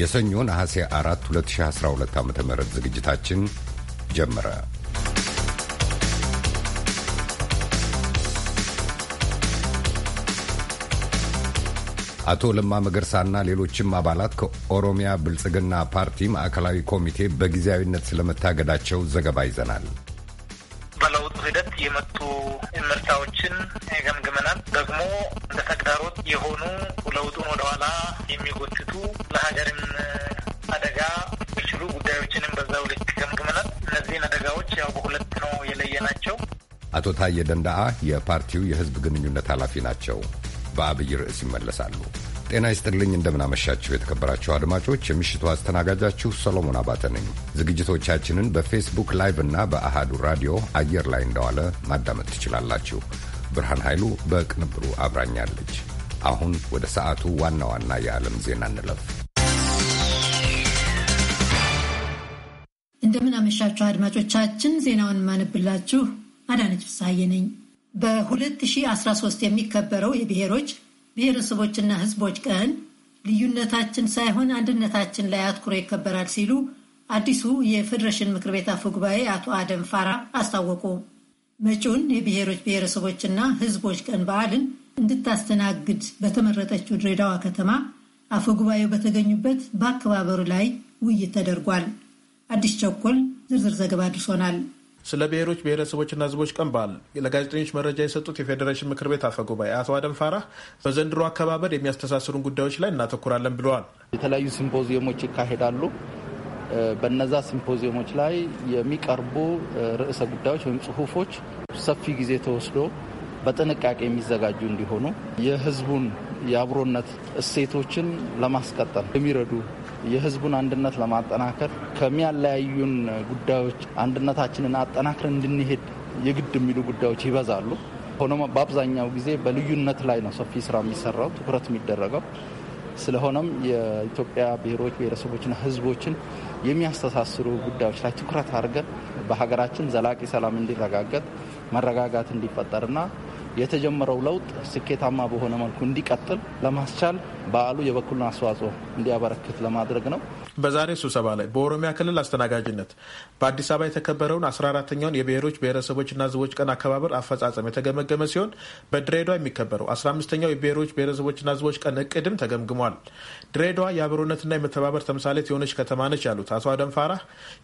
የሰኞ ነሐሴ 4 2012 ዓ ም ዝግጅታችን ጀመረ። አቶ ለማ መገርሳና ሌሎችም አባላት ከኦሮሚያ ብልጽግና ፓርቲ ማዕከላዊ ኮሚቴ በጊዜያዊነት ስለመታገዳቸው ዘገባ ይዘናል። በለውጡ ሂደት የመጡ ምርታዎችን ገምግመናል። ደግሞ እንደ የሆኑ ለውጡን ወደኋላ የሚጎትቱ ለሀገርም አደጋ የሚችሉ ጉዳዮችንም በዛው ልክ ገምግመናል። እነዚህን አደጋዎች ያው በሁለት ነው ናቸው። አቶ ታየ ደንዳአ የፓርቲው የህዝብ ግንኙነት ኃላፊ ናቸው። በአብይ ርዕስ ይመለሳሉ። ጤና ይስጥልኝ፣ እንደምናመሻችሁ የተከበራችሁ አድማጮች፣ የምሽቱ አስተናጋጃችሁ ሰሎሞን አባተ ነኝ። ዝግጅቶቻችንን በፌስቡክ ላይቭ እና በአሃዱ ራዲዮ አየር ላይ እንደዋለ ማዳመጥ ትችላላችሁ። ብርሃን ኃይሉ በቅንብሩ አብራኛለች። አሁን ወደ ሰዓቱ ዋና ዋና የዓለም ዜና እንለፍ። እንደምን አመሻችሁ አድማጮቻችን። ዜናውን የማነብላችሁ አዳነች ፍስሐዬ ነኝ። በ2013 የሚከበረው የብሔሮች ብሔረሰቦችና ሕዝቦች ቀን ልዩነታችን ሳይሆን አንድነታችን ላይ አትኩሮ ይከበራል ሲሉ አዲሱ የፌዴሬሽን ምክር ቤት አፈ ጉባኤ አቶ አደም ፋራ አስታወቁ። መጪውን የብሔሮች ብሔረሰቦችና ሕዝቦች ቀን በዓልን እንድታስተናግድ በተመረጠችው ድሬዳዋ ከተማ አፈ ጉባኤው በተገኙበት በአከባበሩ ላይ ውይይት ተደርጓል። አዲስ ቸኮል ዝርዝር ዘገባ አድርሶናል። ስለ ብሔሮች ብሔረሰቦችና ሕዝቦች ቀን በዓል ለጋዜጠኞች መረጃ የሰጡት የፌዴሬሽን ምክር ቤት አፈ ጉባኤ አቶ አደም ፋራህ በዘንድሮ አከባበር የሚያስተሳስሩን ጉዳዮች ላይ እናተኩራለን ብለዋል። የተለያዩ ሲምፖዚየሞች ይካሄዳሉ። በነዛ ሲምፖዚየሞች ላይ የሚቀርቡ ርዕሰ ጉዳዮች ወይም ጽሁፎች ሰፊ ጊዜ ተወስዶ በጥንቃቄ የሚዘጋጁ እንዲሆኑ የህዝቡን የአብሮነት እሴቶችን ለማስቀጠል የሚረዱ የህዝቡን አንድነት ለማጠናከር ከሚያለያዩን ጉዳዮች አንድነታችንን አጠናክር እንድንሄድ የግድ የሚሉ ጉዳዮች ይበዛሉ። ሆኖም በአብዛኛው ጊዜ በልዩነት ላይ ነው ሰፊ ስራ የሚሰራው፣ ትኩረት የሚደረገው። ስለሆነም የኢትዮጵያ ብሔሮች ብሔረሰቦችና ህዝቦችን የሚያስተሳስሩ ጉዳዮች ላይ ትኩረት አድርገን በሀገራችን ዘላቂ ሰላም እንዲረጋገጥ መረጋጋት እንዲፈጠርና የተጀመረው ለውጥ ስኬታማ በሆነ መልኩ እንዲቀጥል ለማስቻል በዓሉ የበኩሉን አስተዋጽኦ እንዲያበረክት ለማድረግ ነው። በዛሬ ስብሰባ ላይ በኦሮሚያ ክልል አስተናጋጅነት በአዲስ አበባ የተከበረውን 14ተኛውን የብሔሮች ብሔረሰቦችና ህዝቦች ቀን አከባበር አፈጻጸም የተገመገመ ሲሆን በድሬዳዋ የሚከበረው 15ተኛው የብሔሮች ብሔረሰቦችና ህዝቦች ቀን እቅድም ተገምግሟል። ድሬዳዋ የአብሮነትና የመተባበር ተምሳሌት የሆነች ከተማ ነች ያሉት አቶ አደም ፋራ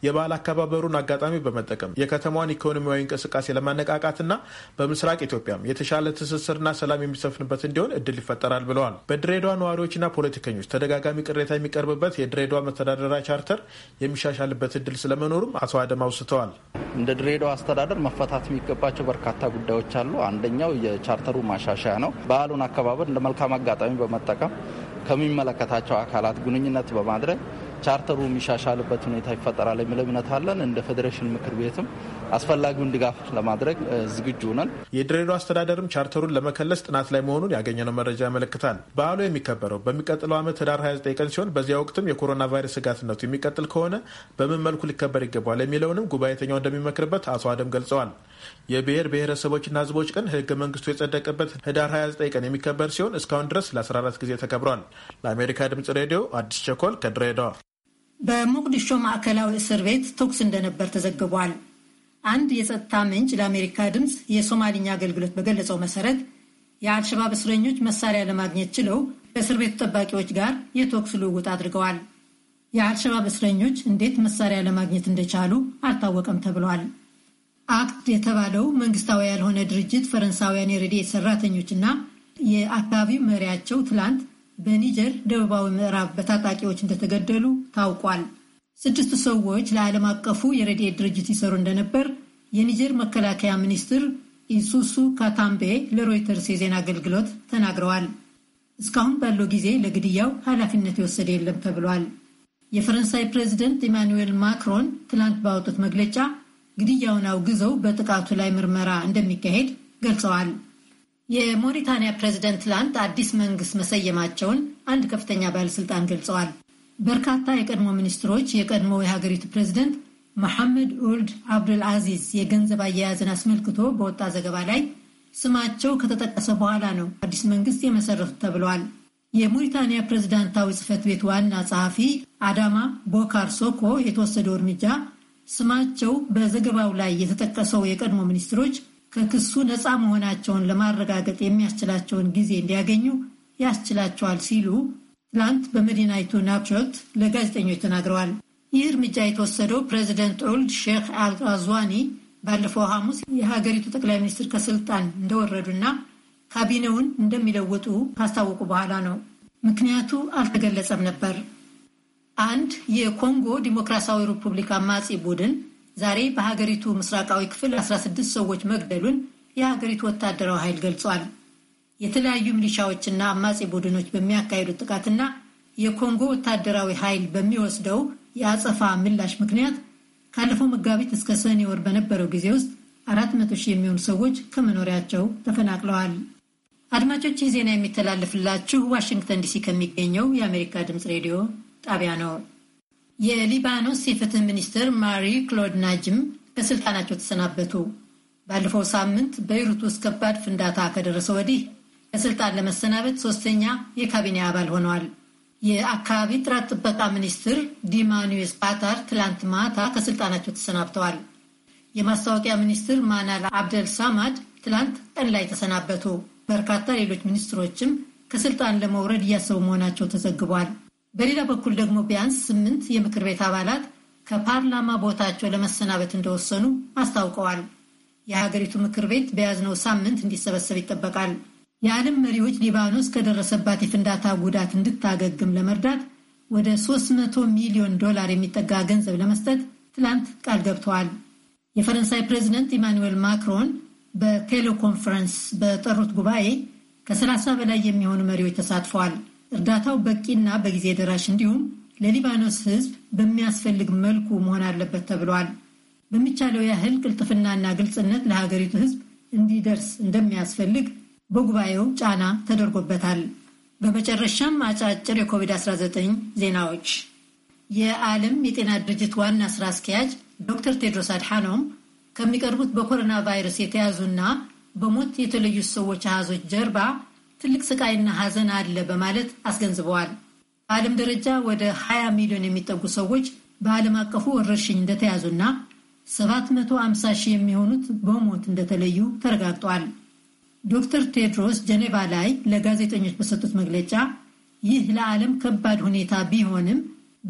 የበዓል አከባበሩን አጋጣሚ በመጠቀም የከተማዋን ኢኮኖሚያዊ እንቅስቃሴ ለማነቃቃትና በምስራቅ ኢትዮጵያም የተሻለ ትስስርና ሰላም የሚሰፍንበት እንዲሆን እድል ይፈጠራል ብለዋል። በድሬዳዋ ነዋሪዎችና ፖለቲከኞች ተደጋጋሚ ቅሬታ የሚቀርብበት የድሬዳዋ አስተዳደራዊ ቻርተር የሚሻሻልበት እድል ስለመኖሩም አቶ አደም አውስተዋል። እንደ ድሬዳዋ አስተዳደር መፈታት የሚገባቸው በርካታ ጉዳዮች አሉ። አንደኛው የቻርተሩ ማሻሻያ ነው። በዓሉን አከባበር እንደ መልካም አጋጣሚ በመጠቀም ከሚመለከታቸው አካላት ግንኙነት በማድረግ ቻርተሩ የሚሻሻልበት ሁኔታ ይፈጠራል የሚል እምነት አለን። እንደ ፌዴሬሽን ምክር ቤትም አስፈላጊውን ድጋፍ ለማድረግ ዝግጁ ነን። የድሬዳዋ አስተዳደርም ቻርተሩን ለመከለስ ጥናት ላይ መሆኑን ያገኘነው መረጃ ያመለክታል። በዓሉ የሚከበረው በሚቀጥለው ዓመት ህዳር 29 ቀን ሲሆን በዚያ ወቅትም የኮሮና ቫይረስ ስጋትነቱ የሚቀጥል ከሆነ በምን መልኩ ሊከበር ይገባል የሚለውንም ጉባኤተኛው እንደሚመክርበት አቶ አደም ገልጸዋል። የብሔር ብሔረሰቦችና ህዝቦች ቀን ህገ መንግስቱ የጸደቀበት ህዳር 29 ቀን የሚከበር ሲሆን እስካሁን ድረስ ለ14 ጊዜ ተከብሯል። ለአሜሪካ ድምጽ ሬዲዮ አዲስ ቸኮል ከድሬዳዋ በሞቅዲሾ ማዕከላዊ እስር ቤት ተኩስ እንደነበር ተዘግቧል። አንድ የጸጥታ ምንጭ ለአሜሪካ ድምፅ የሶማሊኛ አገልግሎት በገለጸው መሰረት የአልሸባብ እስረኞች መሳሪያ ለማግኘት ችለው ከእስር ቤቱ ጠባቂዎች ጋር የተኩስ ልውውጥ አድርገዋል። የአልሸባብ እስረኞች እንዴት መሳሪያ ለማግኘት እንደቻሉ አልታወቀም ተብሏል። አክት የተባለው መንግስታዊ ያልሆነ ድርጅት ፈረንሳውያን የረድኤት ሰራተኞችና የአካባቢው መሪያቸው ትላንት በኒጀር ደቡባዊ ምዕራብ በታጣቂዎች እንደተገደሉ ታውቋል። ስድስቱ ሰዎች ለዓለም አቀፉ የረድኤት ድርጅት ይሰሩ እንደነበር የኒጀር መከላከያ ሚኒስትር ኢሱሱ ካታምቤ ለሮይተርስ የዜና አገልግሎት ተናግረዋል። እስካሁን ባለው ጊዜ ለግድያው ኃላፊነት የወሰደ የለም ተብሏል። የፈረንሳይ ፕሬዚደንት ኢማኑዌል ማክሮን ትላንት ባወጡት መግለጫ ግድያውን አውግዘው በጥቃቱ ላይ ምርመራ እንደሚካሄድ ገልጸዋል። የሞሪታንያ ፕሬዚደንት ትላንት አዲስ መንግስት መሰየማቸውን አንድ ከፍተኛ ባለስልጣን ገልጸዋል። በርካታ የቀድሞ ሚኒስትሮች የቀድሞ የሀገሪቱ ፕሬዚደንት መሐመድ ኡልድ አብዱል አዚዝ የገንዘብ አያያዝን አስመልክቶ በወጣ ዘገባ ላይ ስማቸው ከተጠቀሰ በኋላ ነው አዲስ መንግስት የመሰረቱት ተብሏል። የሞሪታንያ ፕሬዚዳንታዊ ጽህፈት ቤት ዋና ጸሐፊ አዳማ ቦካር ሶኮ የተወሰደው እርምጃ ስማቸው በዘገባው ላይ የተጠቀሰው የቀድሞ ሚኒስትሮች ከክሱ ነፃ መሆናቸውን ለማረጋገጥ የሚያስችላቸውን ጊዜ እንዲያገኙ ያስችላቸዋል ሲሉ ትላንት በመዲናይቱ ናፕሾት ለጋዜጠኞች ተናግረዋል። ይህ እርምጃ የተወሰደው ፕሬዚደንት ኦልድ ሼክ አልአዝዋኒ ባለፈው ሐሙስ የሀገሪቱ ጠቅላይ ሚኒስትር ከስልጣን እንደወረዱና ካቢኔውን እንደሚለውጡ ካስታወቁ በኋላ ነው። ምክንያቱ አልተገለጸም ነበር። አንድ የኮንጎ ዲሞክራሲያዊ ሪፑብሊክ አማጺ ቡድን ዛሬ በሀገሪቱ ምስራቃዊ ክፍል 16 ሰዎች መግደሉን የሀገሪቱ ወታደራዊ ኃይል ገልጿል። የተለያዩ ሚሊሻዎችና አማጺ ቡድኖች በሚያካሂዱት ጥቃትና የኮንጎ ወታደራዊ ኃይል በሚወስደው የአጸፋ ምላሽ ምክንያት ካለፈው መጋቢት እስከ ሰኔ ወር በነበረው ጊዜ ውስጥ 400 ሺህ የሚሆኑ ሰዎች ከመኖሪያቸው ተፈናቅለዋል። አድማጮች ይህ ዜና የሚተላለፍላችሁ ዋሽንግተን ዲሲ ከሚገኘው የአሜሪካ ድምፅ ሬዲዮ ጣቢያ ነው። የሊባኖስ የፍትህ ሚኒስትር ማሪ ክሎድ ናጅም ከስልጣናቸው ተሰናበቱ። ባለፈው ሳምንት በይሩት ውስጥ ከባድ ፍንዳታ ከደረሰ ወዲህ ከስልጣን ለመሰናበት ሶስተኛ የካቢኔ አባል ሆነዋል። የአካባቢ ጥራት ጥበቃ ሚኒስትር ዲማኒዌስ ፓታር ትላንት ማታ ከስልጣናቸው ተሰናብተዋል። የማስታወቂያ ሚኒስትር ማናል አብደል ሳማድ ትላንት ቀን ላይ ተሰናበቱ። በርካታ ሌሎች ሚኒስትሮችም ከስልጣን ለመውረድ እያሰቡ መሆናቸው ተዘግቧል። በሌላ በኩል ደግሞ ቢያንስ ስምንት የምክር ቤት አባላት ከፓርላማ ቦታቸው ለመሰናበት እንደወሰኑ አስታውቀዋል። የሀገሪቱ ምክር ቤት በያዝነው ሳምንት እንዲሰበሰብ ይጠበቃል። የዓለም መሪዎች ሊባኖስ ከደረሰባት የፍንዳታ ጉዳት እንድታገግም ለመርዳት ወደ 300 ሚሊዮን ዶላር የሚጠጋ ገንዘብ ለመስጠት ትላንት ቃል ገብተዋል። የፈረንሳይ ፕሬዚደንት ኢማኑዌል ማክሮን በቴሌኮንፈረንስ በጠሩት ጉባኤ ከ30 በላይ የሚሆኑ መሪዎች ተሳትፈዋል። እርዳታው በቂና በጊዜ ደራሽ እንዲሁም ለሊባኖስ ሕዝብ በሚያስፈልግ መልኩ መሆን አለበት ተብሏል። በሚቻለው ያህል ቅልጥፍናና ግልጽነት ለሀገሪቱ ሕዝብ እንዲደርስ እንደሚያስፈልግ በጉባኤው ጫና ተደርጎበታል። በመጨረሻም አጫጭር የኮቪድ-19 ዜናዎች። የዓለም የጤና ድርጅት ዋና ስራ አስኪያጅ ዶክተር ቴድሮስ አድሓኖም ከሚቀርቡት በኮሮና ቫይረስ የተያዙና በሞት የተለዩ ሰዎች አሃዞች ጀርባ ትልቅ ስቃይና ሐዘን አለ በማለት አስገንዝበዋል። በዓለም ደረጃ ወደ 20 ሚሊዮን የሚጠጉ ሰዎች በዓለም አቀፉ ወረርሽኝ እንደተያዙና 750 ሺህ የሚሆኑት በሞት እንደተለዩ ተረጋግጧል። ዶክተር ቴድሮስ ጀኔቫ ላይ ለጋዜጠኞች በሰጡት መግለጫ ይህ ለዓለም ከባድ ሁኔታ ቢሆንም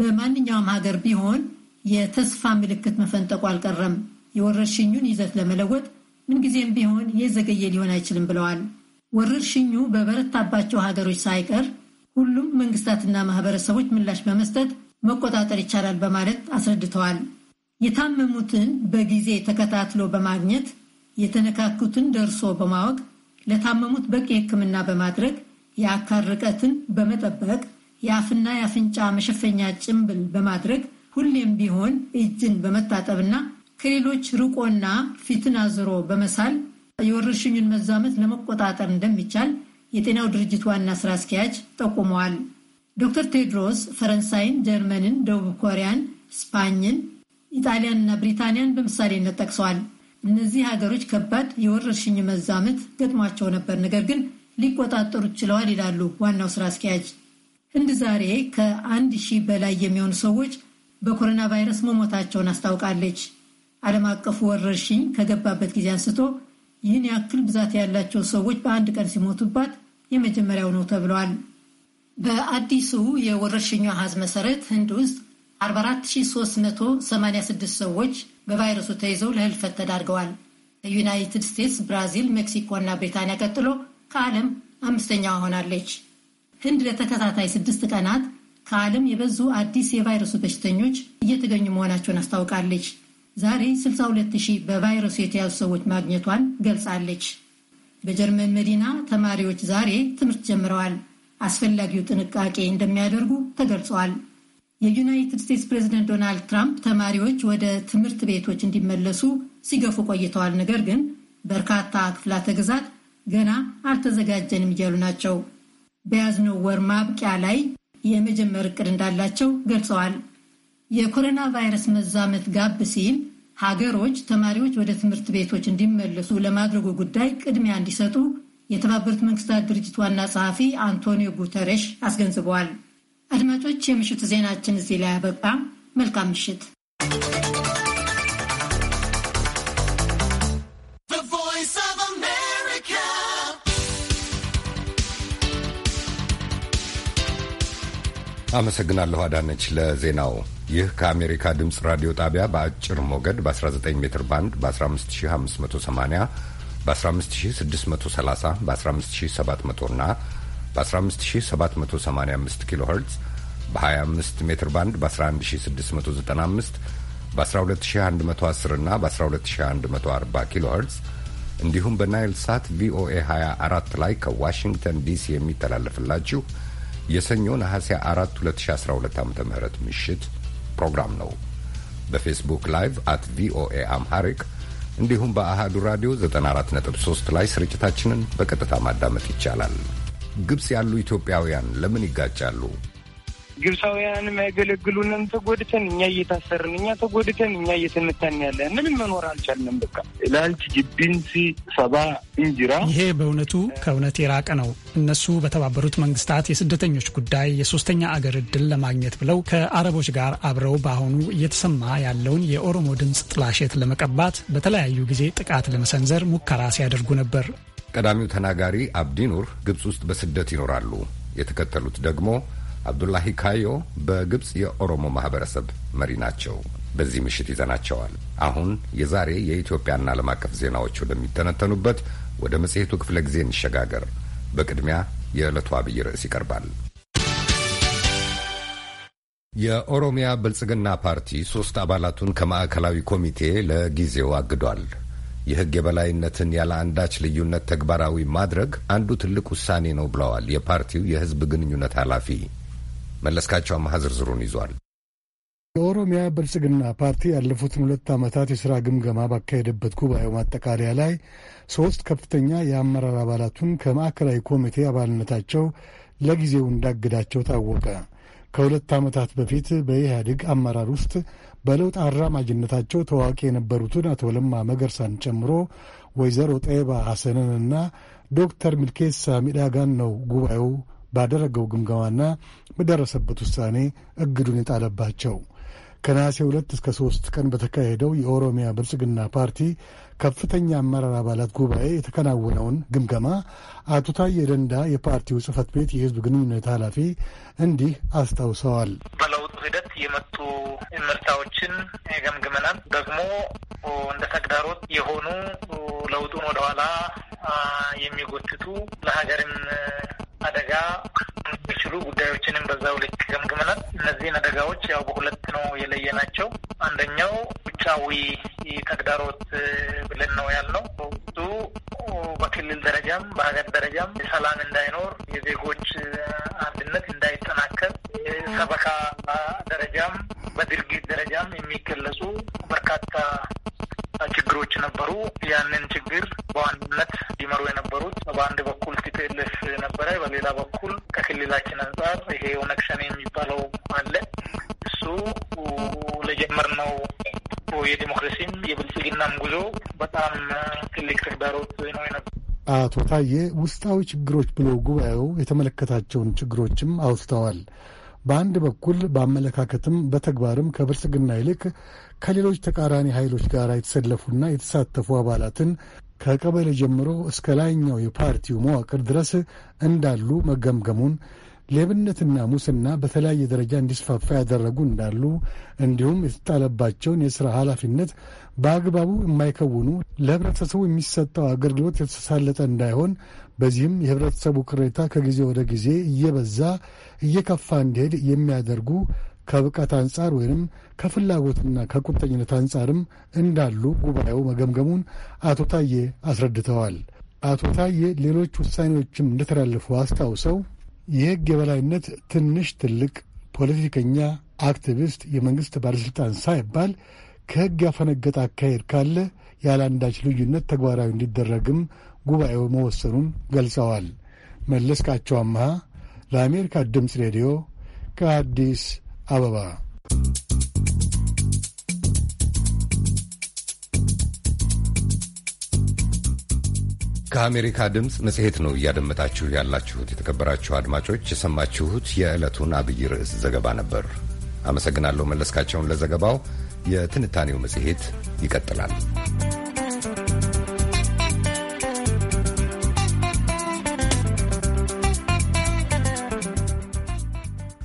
በማንኛውም ሀገር ቢሆን የተስፋ ምልክት መፈንጠቁ አልቀረም። የወረርሽኙን ይዘት ለመለወጥ ምንጊዜም ቢሆን የዘገየ ሊሆን አይችልም ብለዋል። ወረርሽኙ በበረታባቸው ሀገሮች ሳይቀር ሁሉም መንግስታትና ማህበረሰቦች ምላሽ በመስጠት መቆጣጠር ይቻላል በማለት አስረድተዋል። የታመሙትን በጊዜ ተከታትሎ በማግኘት የተነካኩትን ደርሶ በማወቅ ለታመሙት በቂ ሕክምና በማድረግ የአካል ርቀትን በመጠበቅ የአፍና የአፍንጫ መሸፈኛ ጭንብል በማድረግ ሁሌም ቢሆን እጅን በመታጠብና ከሌሎች ርቆና ፊትን አዝሮ በመሳል የወረርሽኙን መዛመት ለመቆጣጠር እንደሚቻል የጤናው ድርጅት ዋና ስራ አስኪያጅ ጠቁመዋል። ዶክተር ቴድሮስ ፈረንሳይን፣ ጀርመንን፣ ደቡብ ኮሪያን፣ ስፓኝን፣ እና ብሪታንያን በምሳሌነት ጠቅሰዋል። እነዚህ ሀገሮች ከባድ የወረርሽኝ መዛመት ገጥሟቸው ነበር፣ ነገር ግን ሊቆጣጠሩ ችለዋል ይላሉ ዋናው ስራ አስኪያጅ። ህንድ ዛሬ ከአንድ ሺህ በላይ የሚሆኑ ሰዎች በኮሮና ቫይረስ መሞታቸውን አስታውቃለች። ዓለም አቀፉ ወረርሽኝ ከገባበት ጊዜ አንስቶ ይህን ያክል ብዛት ያላቸው ሰዎች በአንድ ቀን ሲሞቱባት የመጀመሪያው ነው ተብለዋል። በአዲሱ የወረርሽኙ አሃዝ መሰረት ህንድ ውስጥ 44386 ሰዎች በቫይረሱ ተይዘው ለህልፈት ተዳርገዋል። ከዩናይትድ ስቴትስ፣ ብራዚል፣ ሜክሲኮ እና ብሪታንያ ቀጥሎ ከዓለም አምስተኛዋ ሆናለች። ህንድ ለተከታታይ ስድስት ቀናት ከዓለም የበዙ አዲስ የቫይረሱ በሽተኞች እየተገኙ መሆናቸውን አስታውቃለች። ዛሬ 62000 በቫይረሱ የተያዙ ሰዎች ማግኘቷን ገልጻለች። በጀርመን መዲና ተማሪዎች ዛሬ ትምህርት ጀምረዋል። አስፈላጊው ጥንቃቄ እንደሚያደርጉ ተገልጸዋል። የዩናይትድ ስቴትስ ፕሬዚደንት ዶናልድ ትራምፕ ተማሪዎች ወደ ትምህርት ቤቶች እንዲመለሱ ሲገፉ ቆይተዋል። ነገር ግን በርካታ ክፍላተ ግዛት ገና አልተዘጋጀንም እያሉ ናቸው። በያዝነው ወር ማብቂያ ላይ የመጀመር እቅድ እንዳላቸው ገልጸዋል። የኮሮና ቫይረስ መዛመት ጋብ ሲል ሀገሮች ተማሪዎች ወደ ትምህርት ቤቶች እንዲመለሱ ለማድረጉ ጉዳይ ቅድሚያ እንዲሰጡ የተባበሩት መንግስታት ድርጅት ዋና ጸሐፊ አንቶኒዮ ጉተሬሽ አስገንዝበዋል። አድማጮች፣ የምሽቱ ዜናችን እዚህ ላይ አበቃ። መልካም ምሽት። አመሰግናለሁ አዳነች ለዜናው። ይህ ከአሜሪካ ድምፅ ራዲዮ ጣቢያ በአጭር ሞገድ በ19 ሜትር ባንድ በ15580 በ15630 በ15700 እና በ15785 ኪሎ ኸርትዝ በ25 ሜትር ባንድ በ11695 በ12110 እና በ12140 ኪሎ ኸርትዝ እንዲሁም በናይል ሳት ቪኦኤ 24 ላይ ከዋሽንግተን ዲሲ የሚተላለፍላችሁ የሰኞ ነሐሴ 4 2012 ዓ ም ምሽት ፕሮግራም ነው። በፌስቡክ ላይቭ አት ቪኦኤ አምሃሪክ እንዲሁም በአሃዱ ራዲዮ 94.3 ላይ ስርጭታችንን በቀጥታ ማዳመጥ ይቻላል። ግብፅ ያሉ ኢትዮጵያውያን ለምን ይጋጫሉ? ግብፃውያንም ያገለግሉንም ተጎድተን እኛ እየታሰርን እኛ ተጎድተን እኛ እየተመታን ያለ ምንም መኖር አልቻልንም። በቃ ላንች ጅቢንሲ ሰባ እንጅራ ይሄ በእውነቱ ከእውነት የራቀ ነው። እነሱ በተባበሩት መንግስታት የስደተኞች ጉዳይ የሶስተኛ አገር እድል ለማግኘት ብለው ከአረቦች ጋር አብረው በአሁኑ እየተሰማ ያለውን የኦሮሞ ድምፅ ጥላሸት ለመቀባት በተለያዩ ጊዜ ጥቃት ለመሰንዘር ሙከራ ሲያደርጉ ነበር። ቀዳሚው ተናጋሪ አብዲ ኑር ግብፅ ውስጥ በስደት ይኖራሉ። የተከተሉት ደግሞ አብዱላሂ ካዮ በግብፅ የኦሮሞ ማህበረሰብ መሪ ናቸው። በዚህ ምሽት ይዘናቸዋል። አሁን የዛሬ የኢትዮጵያና ዓለም አቀፍ ዜናዎች ወደሚተነተኑበት ወደ መጽሔቱ ክፍለ ጊዜ እንሸጋገር። በቅድሚያ የዕለቱ አብይ ርዕስ ይቀርባል። የኦሮሚያ ብልጽግና ፓርቲ ሶስት አባላቱን ከማዕከላዊ ኮሚቴ ለጊዜው አግዷል። የህግ የበላይነትን ያለ አንዳች ልዩነት ተግባራዊ ማድረግ አንዱ ትልቅ ውሳኔ ነው ብለዋል የፓርቲው የህዝብ ግንኙነት ኃላፊ መለስካቸው አማሃ ዝርዝሩን ይዟል። የኦሮሚያ ብልጽግና ፓርቲ ያለፉትን ሁለት ዓመታት የሥራ ግምገማ ባካሄደበት ጉባኤው ማጠቃለያ ላይ ሦስት ከፍተኛ የአመራር አባላቱን ከማዕከላዊ ኮሚቴ አባልነታቸው ለጊዜው እንዳገዳቸው ታወቀ። ከሁለት ዓመታት በፊት በኢህአዴግ አመራር ውስጥ በለውጥ አራማጅነታቸው ታዋቂ የነበሩትን አቶ ለማ መገርሳን ጨምሮ ወይዘሮ ጠየባ ሐሰንንና ዶክተር ሚልኬሳ ሚዳጋን ነው ጉባኤው ባደረገው ግምገማና በደረሰበት ውሳኔ እግዱን የጣለባቸው ከነሐሴ ሁለት እስከ ሶስት ቀን በተካሄደው የኦሮሚያ ብልጽግና ፓርቲ ከፍተኛ አመራር አባላት ጉባኤ የተከናወነውን ግምገማ አቶ ታዬ ደንዳ የፓርቲው ጽህፈት ቤት የህዝብ ግንኙነት ኃላፊ እንዲህ አስታውሰዋል። በለውጡ ሂደት የመጡ ምርታዎችን ገምግመናል። ደግሞ እንደ ተግዳሮት የሆኑ ለውጡን ወደኋላ የሚጎትቱ ለሀገርም አደጋ የሚችሉ ጉዳዮችንም በዛው ልክ ገምግመናል። እነዚህን አደጋዎች ያው በሁለት ነው ናቸው። አንደኛው ውጫዊ ተግዳሮት ብለን ነው ያልነው። እሱ በክልል ደረጃም በሀገር ደረጃም ሰላም እንዳይኖር፣ የዜጎች አንድነት እንዳይጠናከር፣ ሰበካ ደረጃም በድርጊት ደረጃም የሚገለጹ በርካታ ችግሮች ነበሩ። ያንን ችግር በዋናነት ሊመሩ የነበሩት በአንድ በኩል ቲፒኤልኤፍ ነበረ፣ በሌላ በኩል ከክልላችን አንጻር ይሄ ኦነግ ሸኔ የሚባለው አለ። እሱ ለጀመርነው የዲሞክራሲም የብልጽግናም ጉዞ በጣም ትልቅ ተግዳሮት ነው የነበረ። አቶ ታዬ ውስጣዊ ችግሮች ብሎ ጉባኤው የተመለከታቸውን ችግሮችም አውስተዋል። በአንድ በኩል በአመለካከትም በተግባርም ከብልጽግና ይልቅ ከሌሎች ተቃራኒ ኃይሎች ጋር የተሰለፉና የተሳተፉ አባላትን ከቀበሌ ጀምሮ እስከ ላይኛው የፓርቲው መዋቅር ድረስ እንዳሉ መገምገሙን ሌብነትና ሙስና በተለያየ ደረጃ እንዲስፋፋ ያደረጉ እንዳሉ እንዲሁም የተጣለባቸውን የሥራ ኃላፊነት በአግባቡ የማይከውኑ ለህብረተሰቡ የሚሰጠው አገልግሎት የተሳለጠ እንዳይሆን በዚህም የህብረተሰቡ ቅሬታ ከጊዜ ወደ ጊዜ እየበዛ እየከፋ እንዲሄድ የሚያደርጉ ከብቃት አንጻር ወይንም ከፍላጎትና ከቁርጠኝነት አንጻርም እንዳሉ ጉባኤው መገምገሙን አቶ ታዬ አስረድተዋል። አቶ ታዬ ሌሎች ውሳኔዎችም እንደተላለፉ አስታውሰው የሕግ የበላይነት ትንሽ ትልቅ፣ ፖለቲከኛ፣ አክቲቪስት፣ የመንግሥት ባለሥልጣን ሳይባል ከሕግ ያፈነገጠ አካሄድ ካለ ያለአንዳች ልዩነት ተግባራዊ እንዲደረግም ጉባኤው መወሰኑን ገልጸዋል። መለስካቸው አመሃ ለአሜሪካ ድምፅ ሬዲዮ ከአዲስ አበባ። ከአሜሪካ ድምፅ መጽሔት ነው እያደመጣችሁ ያላችሁት። የተከበራችሁ አድማጮች የሰማችሁት የዕለቱን አብይ ርዕስ ዘገባ ነበር። አመሰግናለሁ መለስካቸውን ለዘገባው። የትንታኔው መጽሔት ይቀጥላል።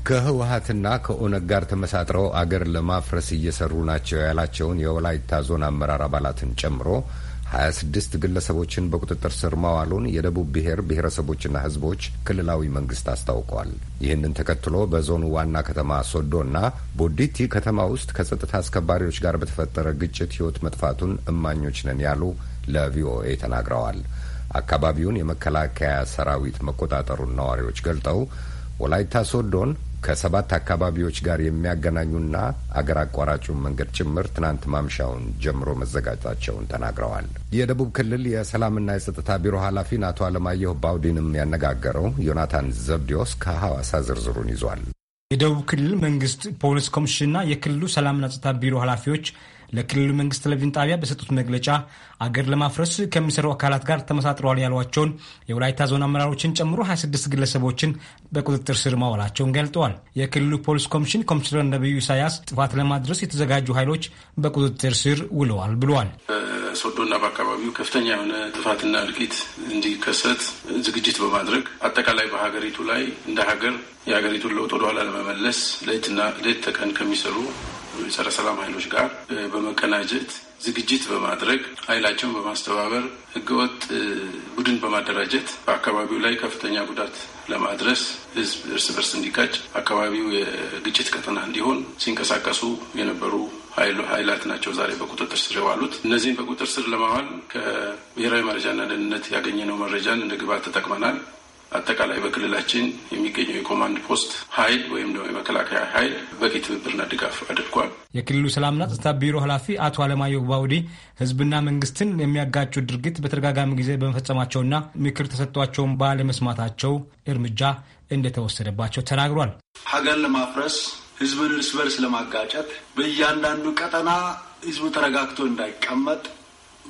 ከህወሀትና ከኦነግ ጋር ተመሳጥረው አገር ለማፍረስ እየሰሩ ናቸው ያላቸውን የወላይታ ዞን አመራር አባላትን ጨምሮ ሀያ ስድስት ግለሰቦችን በቁጥጥር ስር ማዋሉን የደቡብ ብሔር ብሔረሰቦችና ህዝቦች ክልላዊ መንግስት አስታውቋል። ይህንን ተከትሎ በዞኑ ዋና ከተማ ሶዶና ቦዲቲ ከተማ ውስጥ ከጸጥታ አስከባሪዎች ጋር በተፈጠረ ግጭት ህይወት መጥፋቱን እማኞች ነን ያሉ ለቪኦኤ ተናግረዋል። አካባቢውን የመከላከያ ሰራዊት መቆጣጠሩን ነዋሪዎች ገልጠው ወላይታ ሶዶን ከሰባት አካባቢዎች ጋር የሚያገናኙና አገር አቋራጩን መንገድ ጭምር ትናንት ማምሻውን ጀምሮ መዘጋጀታቸውን ተናግረዋል። የደቡብ ክልል የሰላምና የጸጥታ ቢሮ ኃላፊን አቶ አለማየሁ ባውዲንም ያነጋገረው ዮናታን ዘብዲዮስ ከሐዋሳ ዝርዝሩን ይዟል። የደቡብ ክልል መንግስት ፖሊስ ኮሚሽንና የክልሉ ሰላምና ጸጥታ ቢሮ ኃላፊዎች ለክልሉ መንግስት ቴሌቪዥን ጣቢያ በሰጡት መግለጫ አገር ለማፍረስ ከሚሰሩ አካላት ጋር ተመሳጥረዋል ያሏቸውን የወላይታ ዞን አመራሮችን ጨምሮ 26 ግለሰቦችን በቁጥጥር ስር ማዋላቸውን ገልጠዋል። የክልሉ ፖሊስ ኮሚሽን ኮሚሽነር ነቢዩ ኢሳያስ ጥፋት ለማድረስ የተዘጋጁ ኃይሎች በቁጥጥር ስር ውለዋል ብለዋል። ሶዶና በአካባቢው ከፍተኛ የሆነ ጥፋትና እልቂት እንዲከሰት ዝግጅት በማድረግ አጠቃላይ በሀገሪቱ ላይ እንደ ሀገር የሀገሪቱን ለውጥ ወደኋላ ለመመለስ ሌትና ሌት ተቀን ከሚሰሩ የጸረ ሰላም ኃይሎች ጋር በመቀናጀት ዝግጅት በማድረግ ኃይላቸውን በማስተባበር ህገወጥ ቡድን በማደራጀት በአካባቢው ላይ ከፍተኛ ጉዳት ለማድረስ ህዝብ እርስ በርስ እንዲጋጭ አካባቢው የግጭት ቀጠና እንዲሆን ሲንቀሳቀሱ የነበሩ ኃይላት ናቸው ዛሬ በቁጥጥር ስር የዋሉት። እነዚህም በቁጥጥር ስር ለማዋል ከብሔራዊ መረጃና ደህንነት ያገኘነው መረጃን እንደ ግብዓት ተጠቅመናል። አጠቃላይ በክልላችን የሚገኘው የኮማንድ ፖስት ኃይል ወይም ደግሞ የመከላከያ ኃይል በቂ ትብብርና ድጋፍ አድርጓል። የክልሉ ሰላምና ጸጥታ ቢሮ ኃላፊ አቶ አለማየሁ ባውዲ ህዝብና መንግስትን የሚያጋጩ ድርጊት በተደጋጋሚ ጊዜ በመፈጸማቸውና ምክር ተሰጥቷቸውን ባለመስማታቸው እርምጃ እንደተወሰደባቸው ተናግሯል። ሀገር ለማፍረስ ህዝብን እርስ በርስ ለማጋጨት በእያንዳንዱ ቀጠና ህዝቡ ተረጋግቶ እንዳይቀመጥ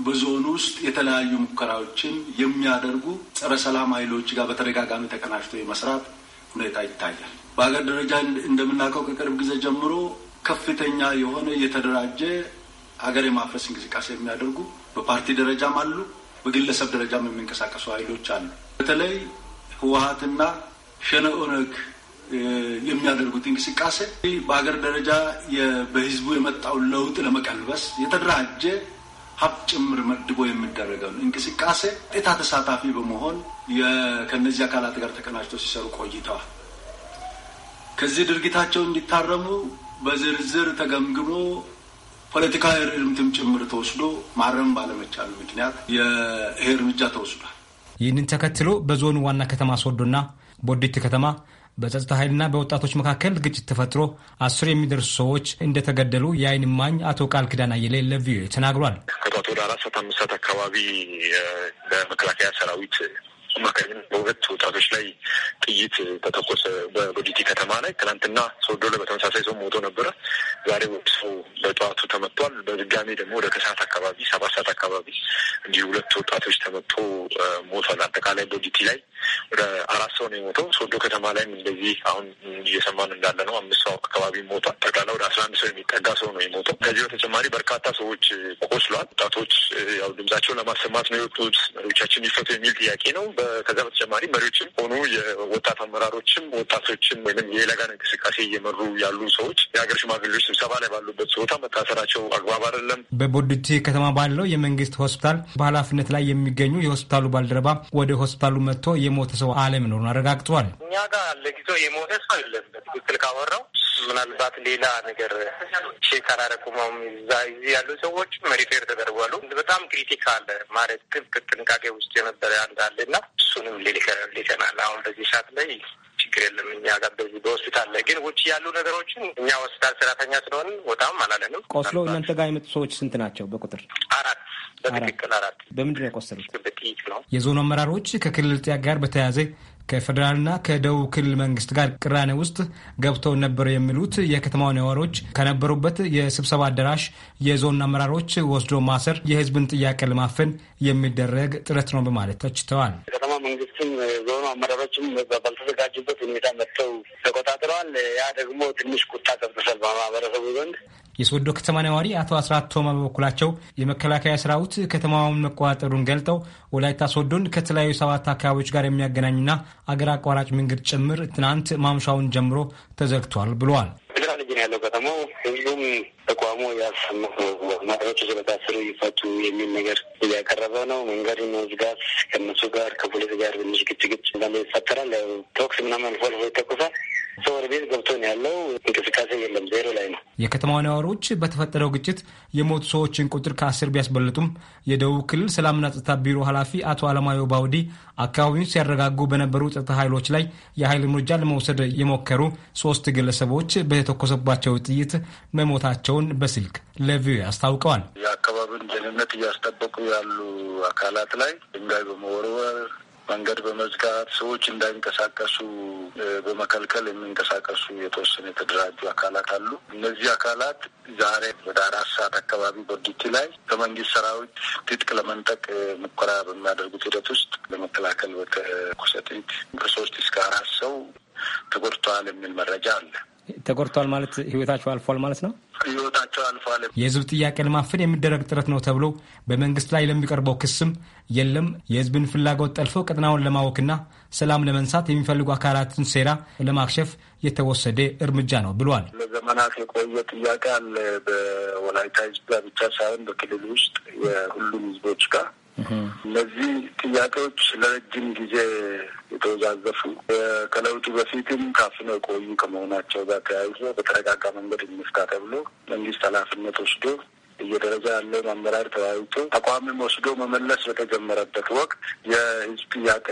በዞኑ ውስጥ የተለያዩ ሙከራዎችን የሚያደርጉ ጸረ ሰላም ኃይሎች ጋር በተደጋጋሚ ተቀናጅቶ የመስራት ሁኔታ ይታያል። በሀገር ደረጃ እንደምናውቀው ከቅርብ ጊዜ ጀምሮ ከፍተኛ የሆነ የተደራጀ ሀገር የማፍረስ እንቅስቃሴ የሚያደርጉ በፓርቲ ደረጃም አሉ፣ በግለሰብ ደረጃም የሚንቀሳቀሱ ኃይሎች አሉ። በተለይ ህወሀትና ሸነ ኦነግ የሚያደርጉት እንቅስቃሴ በሀገር ደረጃ በህዝቡ የመጣውን ለውጥ ለመቀልበስ የተደራጀ ሀብት ጭምር መድቦ የሚደረገውን እንቅስቃሴ ጤታ ተሳታፊ በመሆን ከነዚህ አካላት ጋር ተቀናጅቶ ሲሰሩ ቆይተዋል። ከዚህ ድርጊታቸው እንዲታረሙ በዝርዝር ተገምግሞ ፖለቲካዊ እርምትም ጭምር ተወስዶ ማረም ባለመቻሉ ምክንያት ይሄ እርምጃ ተወስዷል። ይህንን ተከትሎ በዞኑ ዋና ከተማ ሶዶና ቦዲት ከተማ በጸጥታ ኃይልና በወጣቶች መካከል ግጭት ተፈጥሮ አስር የሚደርሱ ሰዎች እንደተገደሉ የአይን ማኝ አቶ ቃል ኪዳን አየለ ለቪኦኤ ተናግሯል። ከጧት ወደ አራት ሰዓት አምስት ሰዓት አካባቢ በመከላከያ ሰራዊት አማካኝነት በሁለት ወጣቶች ላይ ጥይት ተተኮሰ በቦዲቲ ከተማ ላይ። ትናንትና ሶዶ ላይ በተመሳሳይ ሰው ሞቶ ነበረ። ዛሬ ሰው በጠዋቱ ተመቷል። በድጋሚ ደግሞ ወደ ከሰዓት አካባቢ ሰባት ሰዓት አካባቢ እንዲህ ሁለት ወጣቶች ተመቶ ሞቷል። አጠቃላይ ቦዲቲ ላይ ወደ አራት ሰው ነው የሞተው። ሶዶ ከተማ ላይም እንደዚህ አሁን እየሰማን እንዳለ ነው አምስት ሰው አካባቢ ሞቷል። ጠቅላላ ወደ አስራ አንድ ሰው የሚጠጋ ሰው ነው የሞተው። ከዚህ በተጨማሪ በርካታ ሰዎች ቆስሏል። ወጣቶች ያው ድምጻቸውን ለማሰማት ነው የወጡት። መሪዎቻችን ይፈቱ የሚል ጥያቄ ነው። ከዛ በተጨማሪ መሪዎችም ሆኑ የወጣት አመራሮችም ወጣቶችም ወይም የለጋን እንቅስቃሴ እየመሩ ያሉ ሰዎች የሀገር ሽማግሌዎች ስብሰባ ላይ ባሉበት ቦታ መታሰራቸው አግባብ አይደለም። በቦድቲ ከተማ ባለው የመንግስት ሆስፒታል በኃላፊነት ላይ የሚገኙ የሆስፒታሉ ባልደረባ ወደ ሆስፒታሉ መጥቶ የሞተ ሰው አለመኖሩን አረጋግጧል። እኛ ጋር ለጊዜው የሞተ ሰው የለም። በትክክል ካወራው ምናልባት ሌላ ነገር ቼክ አላረቁመም። እዛ እዚህ ያሉ ሰዎች መሪፌር ተደርጓሉ። በጣም ክሪቲክ አለ ማለት ጥብቅ ጥንቃቄ ውስጥ የነበረ አንድ አለና እሱንም ሌሊከናል። አሁን በዚህ ሰዓት ላይ ችግር የለም። እኛ ጋር በዚህ በሆስፒታል ላይ ግን ውጭ ያሉ ነገሮችን እኛ ሆስፒታል ሰራተኛ ስለሆን ወጣም አላለንም። ቆስሎ እናንተ ጋር የመጡ ሰዎች ስንት ናቸው በቁጥር? አራት በትክክል አራት። በምንድን ነው የቆሰሉት? በጥይት ነው። የዞኑ አመራሮች ከክልል ጥያቄ ጋር በተያያዘ ከፌዴራልና ከደቡብ ክልል መንግስት ጋር ቅራኔ ውስጥ ገብተው ነበር የሚሉት የከተማው ነዋሪዎች ከነበሩበት የስብሰባ አዳራሽ የዞን አመራሮች ወስዶ ማሰር የህዝብን ጥያቄ ለማፈን የሚደረግ ጥረት ነው በማለት ተችተዋል። ከተማ መንግስትም ዞኑ አመራሮችም ባልተዘጋጁበት ሁኔታ መጥተው ተቆጣጥረዋል። ያ ደግሞ ትንሽ ቁጣ ቀጥሰል በማህበረሰቡ ዘንድ የሶዶ ከተማ ነዋሪ አቶ አስራት ቶማ በበኩላቸው የመከላከያ ሰራዊት ከተማውን መቆጣጠሩን ገልጠው ወላይታ ሶዶን ከተለያዩ ሰባት አካባቢዎች ጋር የሚያገናኝና አገር አቋራጭ መንገድ ጭምር ትናንት ማምሻውን ጀምሮ ተዘግቷል ብለዋል። ያለው ከተማው ሁሉም ተቋሙ ያሰማ ማዳዎች ስለታስሩ ይፈቱ የሚል ነገር እያቀረበ ነው። መንገድ መዝጋት ከነሱ ጋር ከፖሊስ ጋር ትንሽ ግጭግጭ እንዳለ ይፈጠራል። ቶክስ ምናምን ሆል ይተኩሳል ሰው ወደ ቤት ገብቶ ነው ያለው። እንቅስቃሴ የለም፣ ዜሮ ላይ ነው። የከተማ ነዋሪዎች በተፈጠረው ግጭት የሞቱ ሰዎችን ቁጥር ከአስር ቢያስበልጡም የደቡብ ክልል ሰላምና ጸጥታ ቢሮ ኃላፊ አቶ አለማየሁ ባውዲ አካባቢውን ሲያረጋጉ በነበሩ ጸጥታ ኃይሎች ላይ የኃይል እርምጃ ለመውሰድ የሞከሩ ሶስት ግለሰቦች በተኮሰባቸው ጥይት መሞታቸውን በስልክ ለቪኦኤ አስታውቀዋል። የአካባቢውን ደህንነት እያስጠበቁ ያሉ አካላት ላይ ድንጋይ በመወርወር መንገድ በመዝጋት ሰዎች እንዳይንቀሳቀሱ በመከልከል የሚንቀሳቀሱ የተወሰነ የተደራጁ አካላት አሉ። እነዚህ አካላት ዛሬ ወደ አራት ሰዓት አካባቢ በዱቲ ላይ ከመንግስት ሰራዊት ትጥቅ ለመንጠቅ ሙከራ በሚያደርጉት ሂደት ውስጥ ለመከላከል በተኮሰ ጥይት ከሶስት እስከ አራት ሰው ተጎድተዋል የሚል መረጃ አለ። ተቆርቷል ማለት ህይወታቸው አልፏል ማለት ነው። ህይወታቸው አልፏል። የህዝብ ጥያቄ ለማፈን የሚደረግ ጥረት ነው ተብሎ በመንግስት ላይ ለሚቀርበው ክስም የለም የህዝብን ፍላጎት ጠልፎ ቀጠናውን ለማወክና ሰላም ለመንሳት የሚፈልጉ አካላትን ሴራ ለማክሸፍ የተወሰደ እርምጃ ነው ብሏል። ለዘመናት የቆየ ጥያቄ አለ። በወላይታ ህዝብ ብቻ ሳይሆን በክልል ውስጥ የሁሉም ህዝቦች ጋር እነዚህ ጥያቄዎች ለረጅም ጊዜ የተወዛዘፉ ከለውጡ በፊትም ካፍነ የቆዩ ከመሆናቸው ጋር ተያይዞ በተረጋጋ መንገድ እንፍታ ተብሎ መንግስት ኃላፊነት ወስዶ እየደረዘ ያለውን አመራር ተወያይቶ ተቋምም ወስዶ መመለስ በተጀመረበት ወቅት የህዝብ ጥያቄ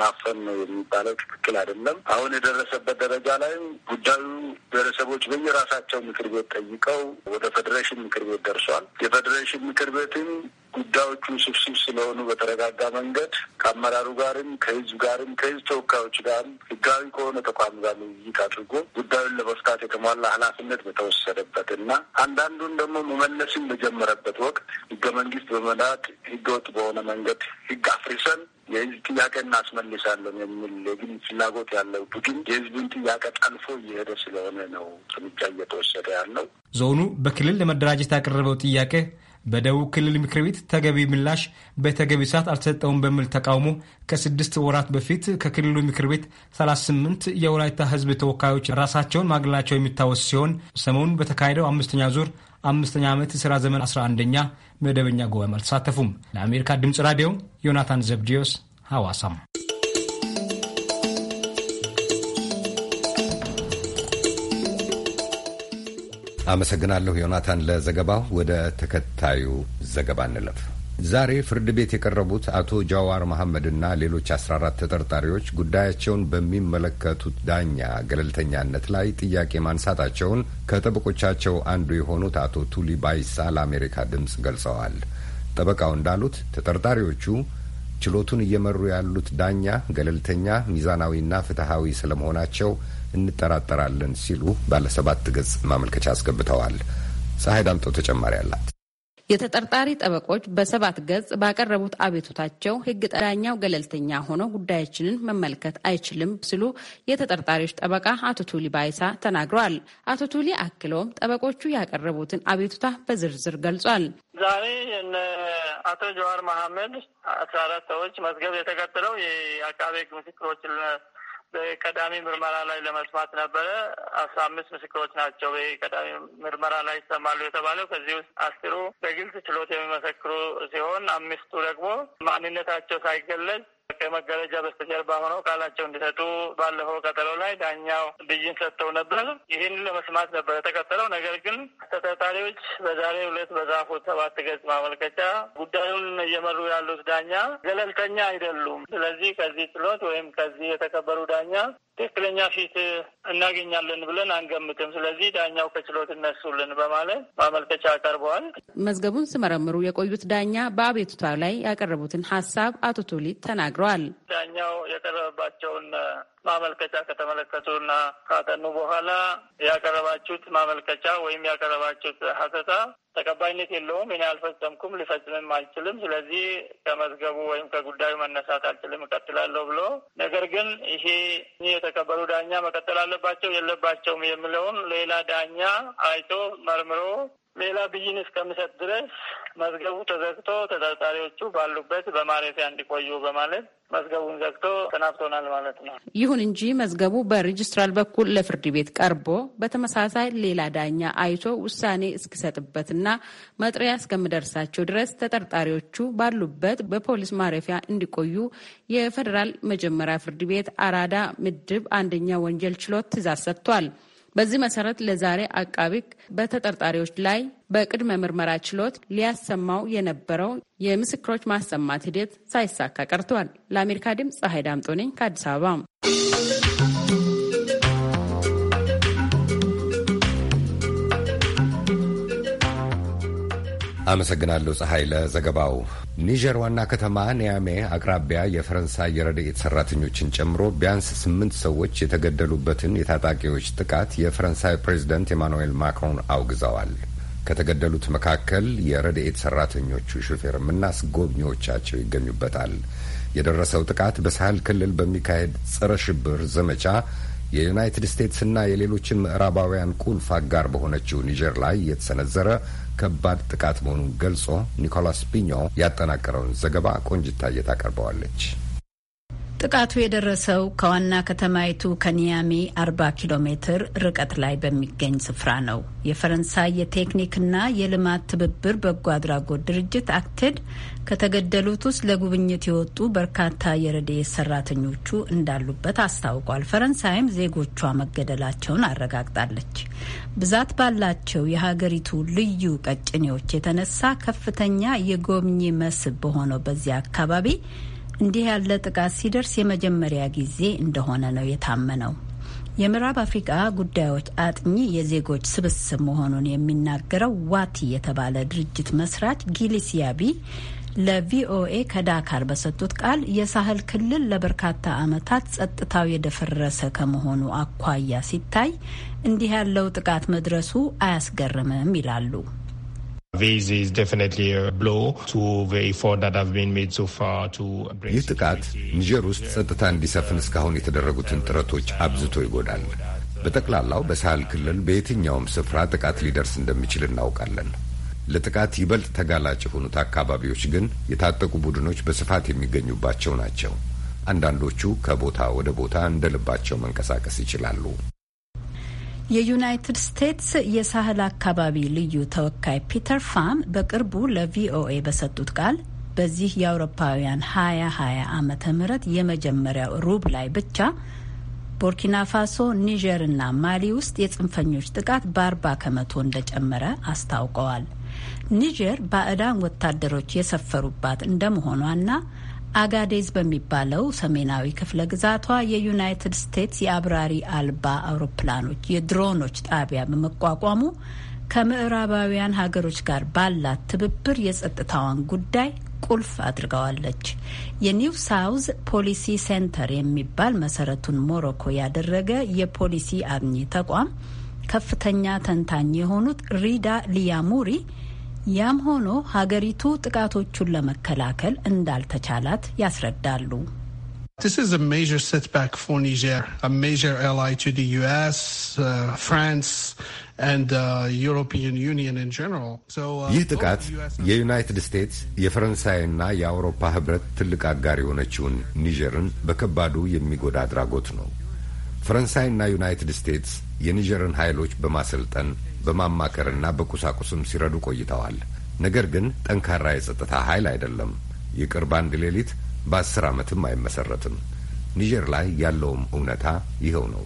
ማፈን ነው የሚባለው ትክክል አይደለም። አሁን የደረሰበት ደረጃ ላይ ጉዳዩ ብሔረሰቦች በየራሳቸው ምክር ቤት ጠይቀው ወደ ፌዴሬሽን ምክር ቤት ደርሷል። የፌዴሬሽን ምክር ቤትም ጉዳዮቹ ስብስብ ስለሆኑ በተረጋጋ መንገድ ከአመራሩ ጋርም ከህዝብ ጋርም ከህዝብ ተወካዮች ጋርም ህጋዊ ከሆነ ተቋም ጋር ውይይት አድርጎ ጉዳዩን ለመፍታት የተሟላ ኃላፊነት በተወሰደበት እና አንዳንዱን ደግሞ መመለስ ስራዎችን በጀመረበት ወቅት ህገ መንግስት በመላክ ህገወጥ በሆነ መንገድ ህግ አፍርሰን የህዝብ ጥያቄ እናስመልሳለን የሚል የግል ፍላጎት ያለው ቡድን የህዝቡን ጥያቄ ጠልፎ እየሄደ ስለሆነ ነው እርምጃ እየተወሰደ ያለው። ዞኑ በክልል ለመደራጀት ያቀረበው ጥያቄ በደቡብ ክልል ምክር ቤት ተገቢ ምላሽ በተገቢ ሰዓት አልተሰጠውም በሚል ተቃውሞ ከስድስት ወራት በፊት ከክልሉ ምክር ቤት 38 የወላይታ ህዝብ ተወካዮች ራሳቸውን ማግለላቸው የሚታወስ ሲሆን ሰሞኑን በተካሄደው አምስተኛ ዙር አምስተኛ ዓመት የሥራ ዘመን 11ኛ መደበኛ ጉባኤ አልተሳተፉም። ለአሜሪካ ድምፅ ራዲዮ ዮናታን ዘብዲዮስ ሐዋሳም አመሰግናለሁ ዮናታን ለዘገባው። ወደ ተከታዩ ዘገባ እንለፍ። ዛሬ ፍርድ ቤት የቀረቡት አቶ ጃዋር መሐመድና ሌሎች 14 ተጠርጣሪዎች ጉዳያቸውን በሚመለከቱት ዳኛ ገለልተኛነት ላይ ጥያቄ ማንሳታቸውን ከጠበቆቻቸው አንዱ የሆኑት አቶ ቱሊ ባይሳ ለአሜሪካ ድምፅ ገልጸዋል። ጠበቃው እንዳሉት ተጠርጣሪዎቹ ችሎቱን እየመሩ ያሉት ዳኛ ገለልተኛ፣ ሚዛናዊና ፍትሐዊ ስለመሆናቸው እንጠራጠራለን ሲሉ ባለሰባት ገጽ ማመልከቻ አስገብተዋል። ፀሐይ ዳምጠው ተጨማሪ አላት። የተጠርጣሪ ጠበቆች በሰባት ገጽ ባቀረቡት አቤቱታቸው ሕግ ጠዳኛው ገለልተኛ ሆኖ ጉዳያችንን መመልከት አይችልም ሲሉ የተጠርጣሪዎች ጠበቃ አቶ ቱሊ ባይሳ ተናግረዋል። አቶ ቱሊ አክለውም ጠበቆቹ ያቀረቡትን አቤቱታ በዝርዝር ገልጿል። ዛሬ አቶ ጀዋር መሐመድ አስራ አራት ሰዎች መዝገብ የተከተለው የአቃቤ ምስክሮችን በቀዳሚ ምርመራ ላይ ለመስማት ነበረ። አስራ አምስት ምስክሮች ናቸው በቀዳሚ ምርመራ ላይ ይሰማሉ የተባለው። ከዚህ ውስጥ አስሩ በግልጽ ችሎት የሚመሰክሩ ሲሆን አምስቱ ደግሞ ማንነታቸው ሳይገለጽ ከመጋረጃ በስተጀርባ ሆነው ቃላቸው እንዲሰጡ ባለፈው ቀጠሮ ላይ ዳኛው ብይን ሰጥተው ነበር። ይህን ለመስማት ነበር የተቀጠለው። ነገር ግን ተጠርጣሪዎች በዛሬ ሁለት በጻፉት ሰባት ገጽ ማመልከቻ ጉዳዩን እየመሩ ያሉት ዳኛ ገለልተኛ አይደሉም። ስለዚህ ከዚህ ችሎት ወይም ከዚህ የተከበሩ ዳኛ ትክክለኛ ፊት እናገኛለን ብለን አንገምትም። ስለዚህ ዳኛው ከችሎት እነሱልን በማለት ማመልከቻ ቀርበዋል። መዝገቡን ስመረምሩ የቆዩት ዳኛ በአቤቱታ ላይ ያቀረቡትን ሀሳብ አቶ ቶሊት ተናግረዋል። ዳኛው የቀረበባቸውን ማመልከቻ ከተመለከቱና ካጠኑ በኋላ ያቀረባችሁት ማመልከቻ ወይም ያቀረባችሁት ሀተታ ተቀባይነት የለውም። እኔ አልፈጸምኩም፣ ሊፈጽምም አልችልም። ስለዚህ ከመዝገቡ ወይም ከጉዳዩ መነሳት አልችልም፣ እቀጥላለሁ ብሎ ነገር ግን ይሄ የተቀበሉ ዳኛ መቀጠል አለባቸው የለባቸውም የሚለውን ሌላ ዳኛ አይቶ መርምሮ ሌላ ብይን እስከምሰጥ ድረስ መዝገቡ ተዘግቶ ተጠርጣሪዎቹ ባሉበት በማረፊያ እንዲቆዩ በማለት መዝገቡን ዘግቶ ተናብቶናል ማለት ነው። ይሁን እንጂ መዝገቡ በሬጅስትራል በኩል ለፍርድ ቤት ቀርቦ በተመሳሳይ ሌላ ዳኛ አይቶ ውሳኔ እስኪሰጥበትና መጥሪያ እስከምደርሳቸው ድረስ ተጠርጣሪዎቹ ባሉበት በፖሊስ ማረፊያ እንዲቆዩ የፌዴራል መጀመሪያ ፍርድ ቤት አራዳ ምድብ አንደኛ ወንጀል ችሎት ትእዛዝ ሰጥቷል። በዚህ መሰረት ለዛሬ አቃቢ በተጠርጣሪዎች ላይ በቅድመ ምርመራ ችሎት ሊያሰማው የነበረው የምስክሮች ማሰማት ሂደት ሳይሳካ ቀርቷል። ለአሜሪካ ድምፅ ፀሐይ ዳምጦ ነኝ ከአዲስ አበባ አመሰግናለሁ ፀሐይ ለዘገባው። ኒጀር ዋና ከተማ ኒያሜ አቅራቢያ የፈረንሳይ የረድኤት ሰራተኞችን ጨምሮ ቢያንስ ስምንት ሰዎች የተገደሉበትን የታጣቂዎች ጥቃት የፈረንሳይ ፕሬዚደንት ኤማኑኤል ማክሮን አውግዘዋል። ከተገደሉት መካከል የረድኤት ሰራተኞቹ ሹፌርም እና አስጎብኚዎቻቸው ይገኙበታል። የደረሰው ጥቃት በሳህል ክልል በሚካሄድ ጸረ ሽብር ዘመቻ የዩናይትድ ስቴትስና የሌሎችን ምዕራባውያን ቁልፍ አጋር በሆነችው ኒጀር ላይ የተሰነዘረ ከባድ ጥቃት መሆኑን ገልጾ ኒኮላስ ፒኞ ያጠናቀረውን ዘገባ ቆንጅታ እየታቀርበዋለች። ጥቃቱ የደረሰው ከዋና ከተማይቱ ከኒያሚ 40 ኪሎ ሜትር ርቀት ላይ በሚገኝ ስፍራ ነው። የፈረንሳይ የቴክኒክና የልማት ትብብር በጎ አድራጎት ድርጅት አክቴድ ከተገደሉት ውስጥ ለጉብኝት የወጡ በርካታ የረድኤት ሰራተኞቹ እንዳሉበት አስታውቋል። ፈረንሳይም ዜጎቿ መገደላቸውን አረጋግጣለች። ብዛት ባላቸው የሀገሪቱ ልዩ ቀጭኔዎች የተነሳ ከፍተኛ የጎብኚ መስህብ በሆነው በዚያ አካባቢ እንዲህ ያለ ጥቃት ሲደርስ የመጀመሪያ ጊዜ እንደሆነ ነው የታመነው። የምዕራብ አፍሪቃ ጉዳዮች አጥኚ የዜጎች ስብስብ መሆኑን የሚናገረው ዋቲ የተባለ ድርጅት መስራች ጊሊሲያቢ ለቪኦኤ ከዳካር በሰጡት ቃል የሳህል ክልል ለበርካታ ዓመታት ጸጥታው የደፈረሰ ከመሆኑ አኳያ ሲታይ እንዲህ ያለው ጥቃት መድረሱ አያስገርምም ይላሉ። ይህ ጥቃት ኒጀር ውስጥ ጸጥታ እንዲሰፍን እስካሁን የተደረጉትን ጥረቶች አብዝቶ ይጎዳል። በጠቅላላው በሳህል ክልል በየትኛውም ስፍራ ጥቃት ሊደርስ እንደሚችል እናውቃለን። ለጥቃት ይበልጥ ተጋላጭ የሆኑት አካባቢዎች ግን የታጠቁ ቡድኖች በስፋት የሚገኙባቸው ናቸው። አንዳንዶቹ ከቦታ ወደ ቦታ እንደ ልባቸው መንቀሳቀስ ይችላሉ። የዩናይትድ ስቴትስ የሳህል አካባቢ ልዩ ተወካይ ፒተር ፋም በቅርቡ ለቪኦኤ በሰጡት ቃል በዚህ የአውሮፓውያን 2020 ዓመተ ምህረት የመጀመሪያው ሩብ ላይ ብቻ ቦርኪና ፋሶ፣ ኒጀር እና ማሊ ውስጥ የጽንፈኞች ጥቃት በአርባ ከመቶ እንደጨመረ አስታውቀዋል። ኒጀር ባዕዳን ወታደሮች የሰፈሩባት እንደመሆኗና አጋዴዝ በሚባለው ሰሜናዊ ክፍለ ግዛቷ የዩናይትድ ስቴትስ የአብራሪ አልባ አውሮፕላኖች የድሮኖች ጣቢያ በመቋቋሙ ከምዕራባውያን ሀገሮች ጋር ባላት ትብብር የጸጥታዋን ጉዳይ ቁልፍ አድርገዋለች። የኒው ሳውዝ ፖሊሲ ሴንተር የሚባል መሰረቱን ሞሮኮ ያደረገ የፖሊሲ አግኚ ተቋም ከፍተኛ ተንታኝ የሆኑት ሪዳ ሊያሙሪ ያም ሆኖ ሀገሪቱ ጥቃቶቹን ለመከላከል እንዳልተቻላት ያስረዳሉ። This is a major setback for Niger, a major ally to the US, uh, France, and the uh, European Union in general. Uh, ይህ ጥቃት የዩናይትድ ስቴትስ የፈረንሳይና የአውሮፓ ህብረት ትልቅ አጋር የሆነችውን ኒጀርን በከባዱ የሚጎዳ አድራጎት ነው። ፈረንሳይና ዩናይትድ ስቴትስ የኒጀርን ኃይሎች በማሰልጠን በማማከርና በቁሳቁስም ሲረዱ ቆይተዋል። ነገር ግን ጠንካራ የጸጥታ ኃይል አይደለም። ይቅር ባንድ ሌሊት በአስር ዓመትም አይመሰረትም። ኒጀር ላይ ያለውም እውነታ ይኸው ነው።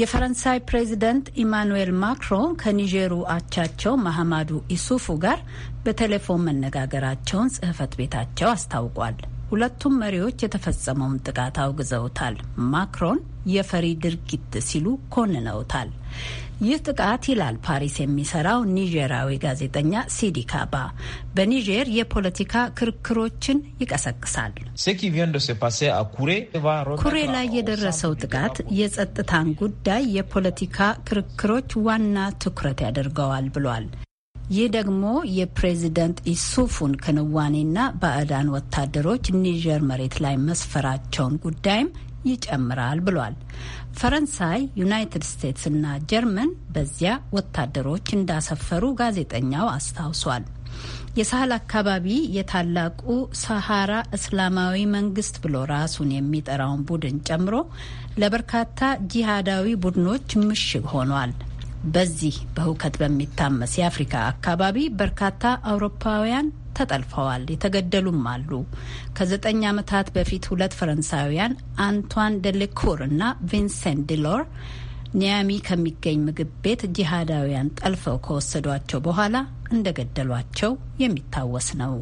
የፈረንሳይ ፕሬዚደንት ኢማኑኤል ማክሮን ከኒጀሩ አቻቸው ማህማዱ ኢሱፉ ጋር በቴሌፎን መነጋገራቸውን ጽህፈት ቤታቸው አስታውቋል። ሁለቱም መሪዎች የተፈጸመውን ጥቃት አውግዘውታል። ማክሮን የፈሪ ድርጊት ሲሉ ኮንነውታል። ይህ ጥቃት ይላል ፓሪስ የሚሰራው ኒጀራዊ ጋዜጠኛ ሲዲ ካባ በኒጀር የፖለቲካ ክርክሮችን ይቀሰቅሳል። ኩሬ ላይ የደረሰው ጥቃት የጸጥታን ጉዳይ የፖለቲካ ክርክሮች ዋና ትኩረት ያደርገዋል ብሏል። ይህ ደግሞ የፕሬዚደንት ኢሱፉን ክንዋኔና ባዕዳን ወታደሮች ኒጀር መሬት ላይ መስፈራቸውን ጉዳይም ይጨምራል ብሏል። ፈረንሳይ፣ ዩናይትድ ስቴትስ እና ጀርመን በዚያ ወታደሮች እንዳሰፈሩ ጋዜጠኛው አስታውሷል። የሳህል አካባቢ የታላቁ ሰሃራ እስላማዊ መንግስት ብሎ ራሱን የሚጠራውን ቡድን ጨምሮ ለበርካታ ጂሃዳዊ ቡድኖች ምሽግ ሆኗል። በዚህ በሁከት በሚታመስ የአፍሪካ አካባቢ በርካታ አውሮፓውያን ተጠልፈዋል፣ የተገደሉም አሉ። ከዘጠኝ ዓመታት በፊት ሁለት ፈረንሳውያን አንቷን ደሌኮር እና ቪንሰንት ዲሎር ኒያሚ ከሚገኝ ምግብ ቤት ጂሃዳውያን ጠልፈው ከወሰዷቸው በኋላ እንደገደሏቸው የሚታወስ ነው።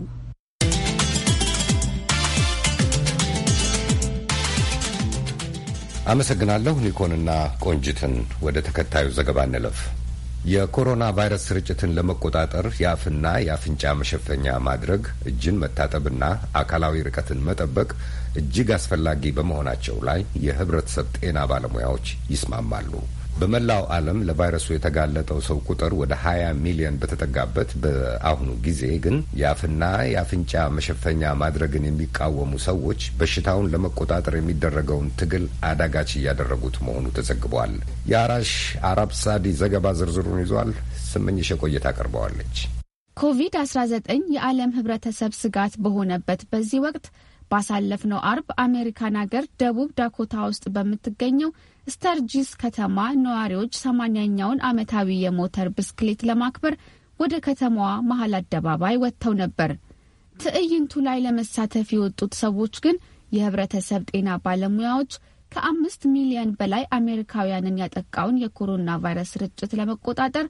አመሰግናለሁ ኒኮንና ቆንጅትን። ወደ ተከታዩ ዘገባ እንለፍ። የኮሮና ቫይረስ ስርጭትን ለመቆጣጠር የአፍና የአፍንጫ መሸፈኛ ማድረግ፣ እጅን መታጠብና አካላዊ ርቀትን መጠበቅ እጅግ አስፈላጊ በመሆናቸው ላይ የህብረተሰብ ጤና ባለሙያዎች ይስማማሉ። በመላው ዓለም ለቫይረሱ የተጋለጠው ሰው ቁጥር ወደ 20 ሚሊዮን በተጠጋበት በአሁኑ ጊዜ ግን የአፍና የአፍንጫ መሸፈኛ ማድረግን የሚቃወሙ ሰዎች በሽታውን ለመቆጣጠር የሚደረገውን ትግል አዳጋች እያደረጉት መሆኑ ተዘግቧል። የአራሽ አራብ ሳዲ ዘገባ ዝርዝሩን ይዟል። ስመኝሽ የቆየታ አቀርበዋለች። ኮቪድ-19 የዓለም ህብረተሰብ ስጋት በሆነበት በዚህ ወቅት ባሳለፍነው አርብ አሜሪካን ሀገር ደቡብ ዳኮታ ውስጥ በምትገኘው ስተርጂስ ከተማ ነዋሪዎች ሰማንያኛውን ዓመታዊ የሞተር ብስክሌት ለማክበር ወደ ከተማዋ መሀል አደባባይ ወጥተው ነበር። ትዕይንቱ ላይ ለመሳተፍ የወጡት ሰዎች ግን የህብረተሰብ ጤና ባለሙያዎች ከአምስት ሚሊዮን በላይ አሜሪካውያንን ያጠቃውን የኮሮና ቫይረስ ስርጭት ለመቆጣጠር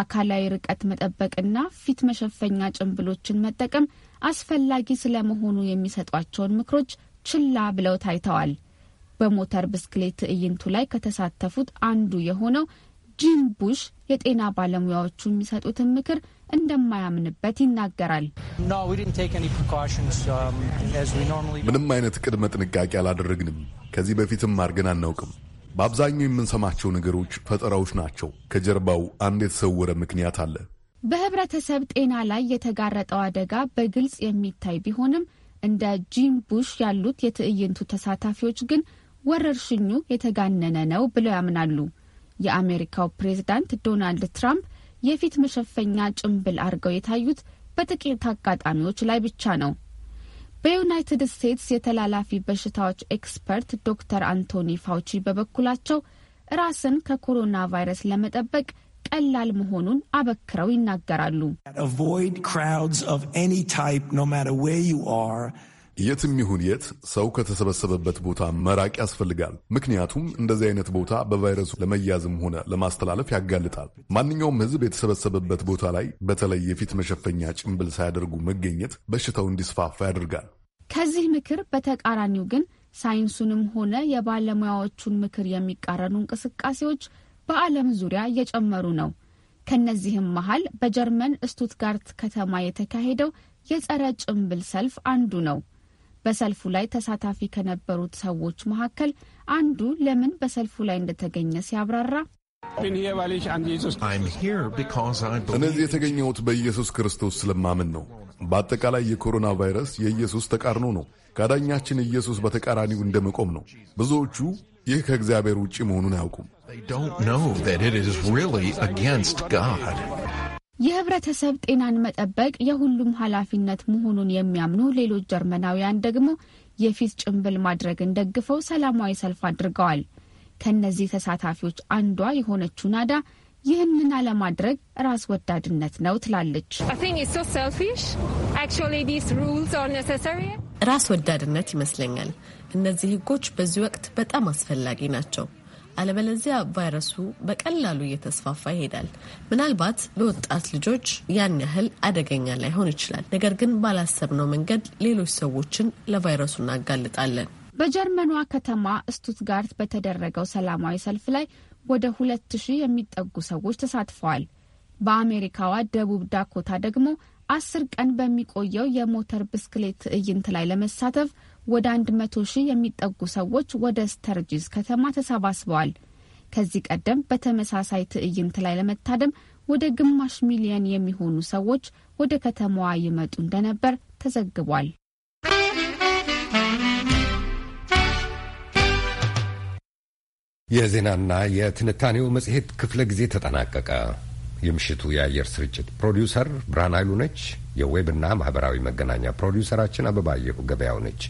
አካላዊ ርቀት መጠበቅና ፊት መሸፈኛ ጭንብሎችን መጠቀም አስፈላጊ ስለመሆኑ የሚሰጧቸውን ምክሮች ችላ ብለው ታይተዋል። በሞተር ብስክሌት ትዕይንቱ ላይ ከተሳተፉት አንዱ የሆነው ጂም ቡሽ የጤና ባለሙያዎቹ የሚሰጡትን ምክር እንደማያምንበት ይናገራል። um, ምንም አይነት ቅድመ ጥንቃቄ አላደረግንም። ከዚህ በፊትም አድርገን አናውቅም። በአብዛኛው የምንሰማቸው ነገሮች ፈጠራዎች ናቸው። ከጀርባው አንድ የተሰወረ ምክንያት አለ። በህብረተሰብ ጤና ላይ የተጋረጠው አደጋ በግልጽ የሚታይ ቢሆንም እንደ ጂም ቡሽ ያሉት የትዕይንቱ ተሳታፊዎች ግን ወረርሽኙ የተጋነነ ነው ብለው ያምናሉ። የአሜሪካው ፕሬዝዳንት ዶናልድ ትራምፕ የፊት መሸፈኛ ጭንብል አድርገው የታዩት በጥቂት አጋጣሚዎች ላይ ብቻ ነው። በዩናይትድ ስቴትስ የተላላፊ በሽታዎች ኤክስፐርት ዶክተር አንቶኒ ፋውቺ በበኩላቸው ራስን ከኮሮና ቫይረስ ለመጠበቅ ቀላል መሆኑን አበክረው ይናገራሉ። የትም ይሁን የት ሰው ከተሰበሰበበት ቦታ መራቅ ያስፈልጋል። ምክንያቱም እንደዚህ አይነት ቦታ በቫይረሱ ለመያዝም ሆነ ለማስተላለፍ ያጋልጣል። ማንኛውም ሕዝብ የተሰበሰበበት ቦታ ላይ በተለይ የፊት መሸፈኛ ጭንብል ሳያደርጉ መገኘት በሽታው እንዲስፋፋ ያደርጋል። ከዚህ ምክር በተቃራኒው ግን ሳይንሱንም ሆነ የባለሙያዎቹን ምክር የሚቃረኑ እንቅስቃሴዎች በዓለም ዙሪያ እየጨመሩ ነው። ከነዚህም መሀል በጀርመን ስቱትጋርት ከተማ የተካሄደው የጸረ ጭንብል ሰልፍ አንዱ ነው። በሰልፉ ላይ ተሳታፊ ከነበሩት ሰዎች መካከል አንዱ ለምን በሰልፉ ላይ እንደተገኘ ሲያብራራ እነዚህ የተገኘሁት በኢየሱስ ክርስቶስ ስለማምን ነው። በአጠቃላይ የኮሮና ቫይረስ የኢየሱስ ተቃርኖ ነው። ከአዳኛችን ኢየሱስ በተቃራኒው እንደመቆም ነው። ብዙዎቹ ይህ ከእግዚአብሔር ውጭ መሆኑን አያውቁም። የህብረተሰብ ጤናን መጠበቅ የሁሉም ኃላፊነት መሆኑን የሚያምኑ ሌሎች ጀርመናውያን ደግሞ የፊት ጭንብል ማድረግን ደግፈው ሰላማዊ ሰልፍ አድርገዋል። ከእነዚህ ተሳታፊዎች አንዷ የሆነችው ናዳ ይህንን አለማድረግ ራስ ወዳድነት ነው ትላለች። ራስ ወዳድነት ይመስለኛል። እነዚህ ህጎች በዚህ ወቅት በጣም አስፈላጊ ናቸው። አለበለዚያ ቫይረሱ በቀላሉ እየተስፋፋ ይሄዳል። ምናልባት በወጣት ልጆች ያን ያህል አደገኛ ላይሆን ይችላል። ነገር ግን ባላሰብነው መንገድ ሌሎች ሰዎችን ለቫይረሱ እናጋልጣለን። በጀርመኗ ከተማ ስቱትጋርት በተደረገው ሰላማዊ ሰልፍ ላይ ወደ ሁለት ሺህ የሚጠጉ ሰዎች ተሳትፈዋል። በአሜሪካዋ ደቡብ ዳኮታ ደግሞ አስር ቀን በሚቆየው የሞተር ብስክሌት ትዕይንት ላይ ለመሳተፍ ወደ 100 ሺህ የሚጠጉ ሰዎች ወደ ስተርጂዝ ከተማ ተሰባስበዋል። ከዚህ ቀደም በተመሳሳይ ትዕይንት ላይ ለመታደም ወደ ግማሽ ሚሊየን የሚሆኑ ሰዎች ወደ ከተማዋ ይመጡ እንደነበር ተዘግቧል። የዜናና የትንታኔው መጽሔት ክፍለ ጊዜ ተጠናቀቀ። የምሽቱ የአየር ስርጭት ፕሮዲውሰር ብርሃን ኃይሉ ነች። የዌብና ማኅበራዊ መገናኛ ፕሮዲውሰራችን አበባየሁ ገበያው ነች።